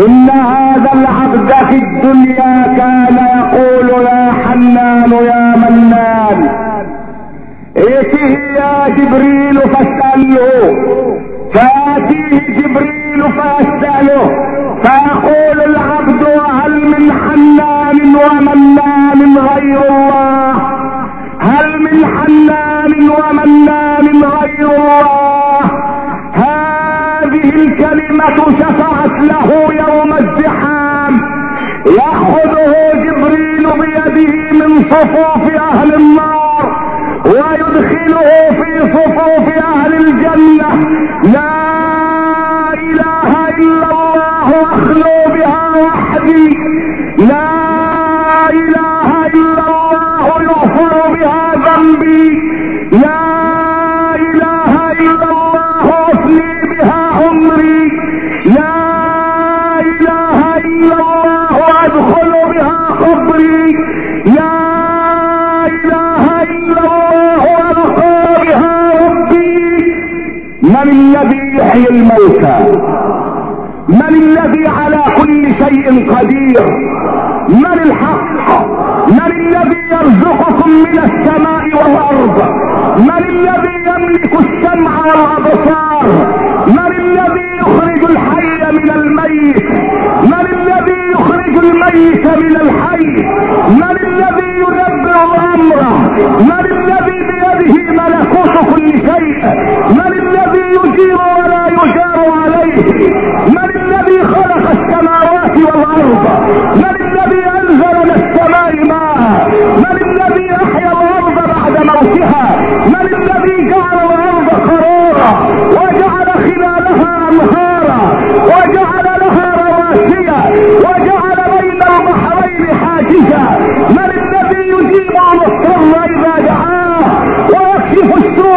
إن هذا العبد في الدنيا كان يقول يا حنان يا منان ائته يا جبريل فاسأله فيأتيه جبريل فأسأله فيقول العبد وهل من حنان ومنان غير الله هل من حنان ومنان غير الله هذه الكلمة شفاعة معه يوم الزحام ياخذه جبريل بيده من صفوف اهل النار ويدخله في صفوف اهل الجنه لا اله الا الله واخلو بها وحدي قدير من الحق من الذي يرزقكم من السماء والارض من الذي يملك السمع والابصار من الذي يخرج الحي من الميت من الذي يخرج الميت من الحي من الذي يدبر امره من الذي بيده ملكوت كل شيء الارض من الذي انزل من السماء ماء من الذي احيا الارض بعد موتها من الذي جعل الارض قرارا وجعل خلالها انهارا وجعل لها رواسي وجعل بين البحرين حاجزا من الذي يجيب المضطر اذا دعاه ويكشف السوء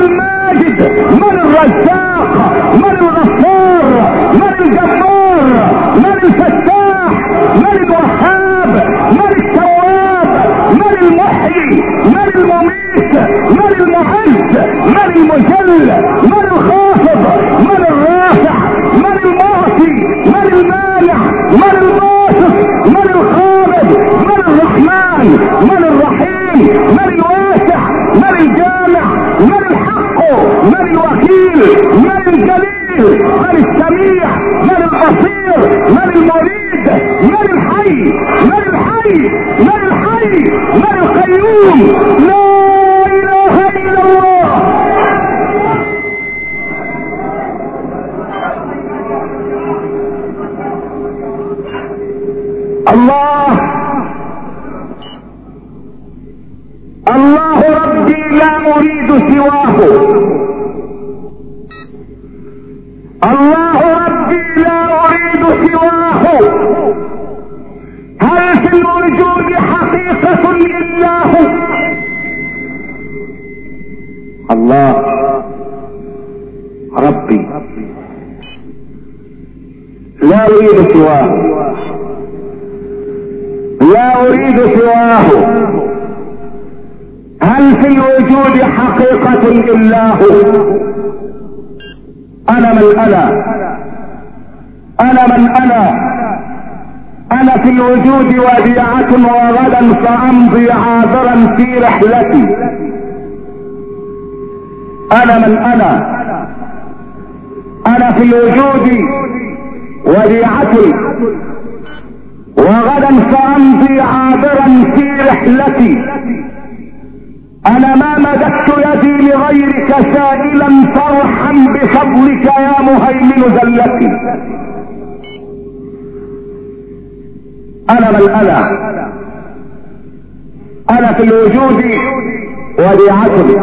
الماجد من الرزاق من الغفار من الجبار من الفتاح من السميع من البصير من المريد من الحي من الحي من الحي من القيوم لا يكن إلا هو أنا من أنا أنا من أنا أنا في الوجود وديعة وغدا سأمضي عاذرا في رحلتي أنا من أنا أنا في الوجود وديعة وغدا سأمضي عاذرا في رحلتي انا ما مددت يدي لغيرك سائلا فارحم بفضلك يا مهيمن زلتي انا من انا انا في الوجود وديعة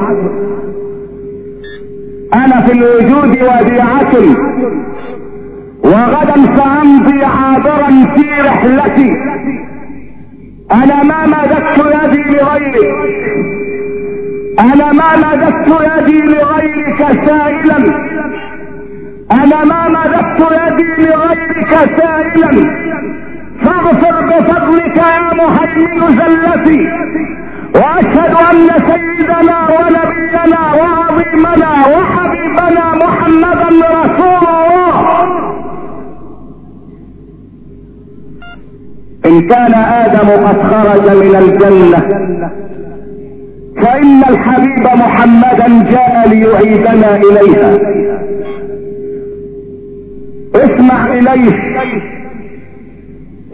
انا في الوجود وديعة وغدا سامضي عابرا في رحلتي انا ما مددت يدي لغيرك انا ما مددت يدي لغيرك سائلا انا ما مددت يدي لغيرك سائلا فاغفر بفضلك يا مهيمن زلتي واشهد ان سيدنا ونبينا وعظيمنا وحبيبنا محمدا رسول الله ان كان ادم قد خرج من الجنه فإن الحبيب محمدا جاء ليعيدنا إليها اسمع إليه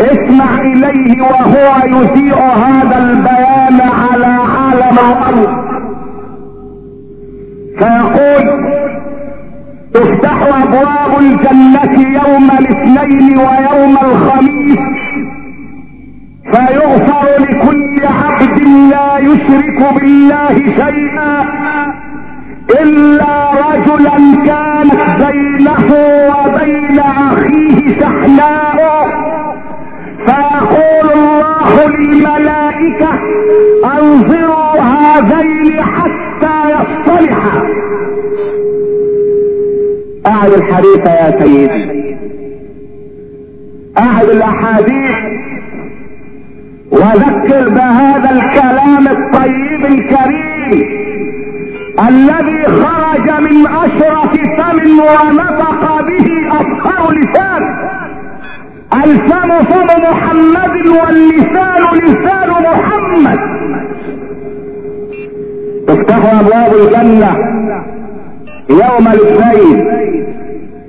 اسمع إليه وهو يسيء هذا البيان على عالم الأرض فيقول تفتح أبواب الجنة يوم الاثنين ويوم الخميس فيغفر لكل عبد لا يشرك بالله شيئا الا رجلا كانت بينه وبين اخيه شحناء فيقول الله للملائكة انظروا هذين حتى يصطلحا اعد الحديث يا سيدي اعد الاحاديث وذكر بهذا الكلام الطيب الكريم الذي خرج من اشرف فم ونطق به اصهر لسان الفم فم محمد واللسان لسان محمد تفتح ابواب الجنه يوم الاثنين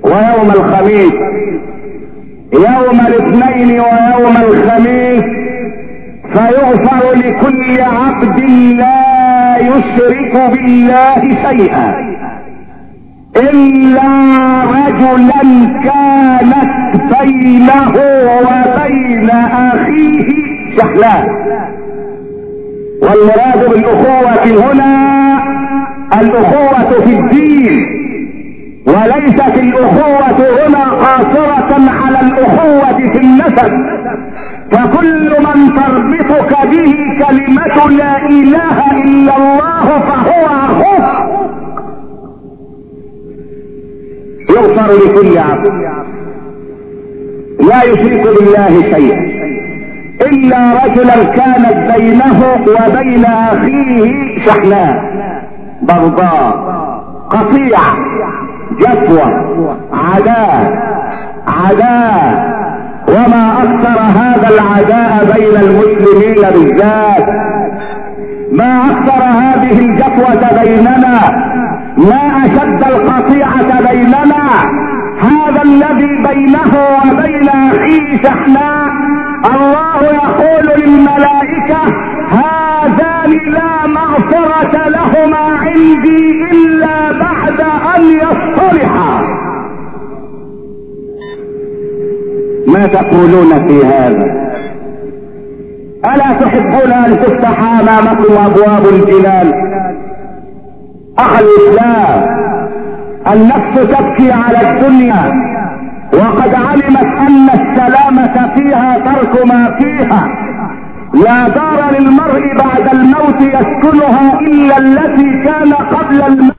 ويوم الخميس يوم الاثنين ويوم الخميس فيغفر لكل عبد لا يشرك بالله شيئا الا رجلا كانت بينه وبين اخيه شحلاء والمراد بالاخوة هنا الاخوة في الدين وليست الاخوة هنا قاصرة على الاخوة في النسب وكل من تربطك به كلمة لا اله الا الله فهو اخوك يغفر لكل عبد لا يشرك بالله شيئا الا رجلا كانت بينه وبين اخيه شحناء بغضاء قطيع جفوة عداء عداء وما اكثر هذا العداء بين المسلمين بالذات ما اكثر هذه الجفوة بيننا ما اشد القطيعة بيننا هذا الذي بينه وبين اخيه شحناء الله يقول للملائكة هذان لا مغفرة لهما عندي الا بعد ان يصطلحا ما تقولون في هذا ألا تحبون أن تفتح أمامكم أبواب الجنان أخ الإسلام النفس تبكي على الدنيا وقد علمت أن السلامة فيها ترك ما فيها لا دار للمرء بعد الموت يسكنها إلا التي كان قبل الموت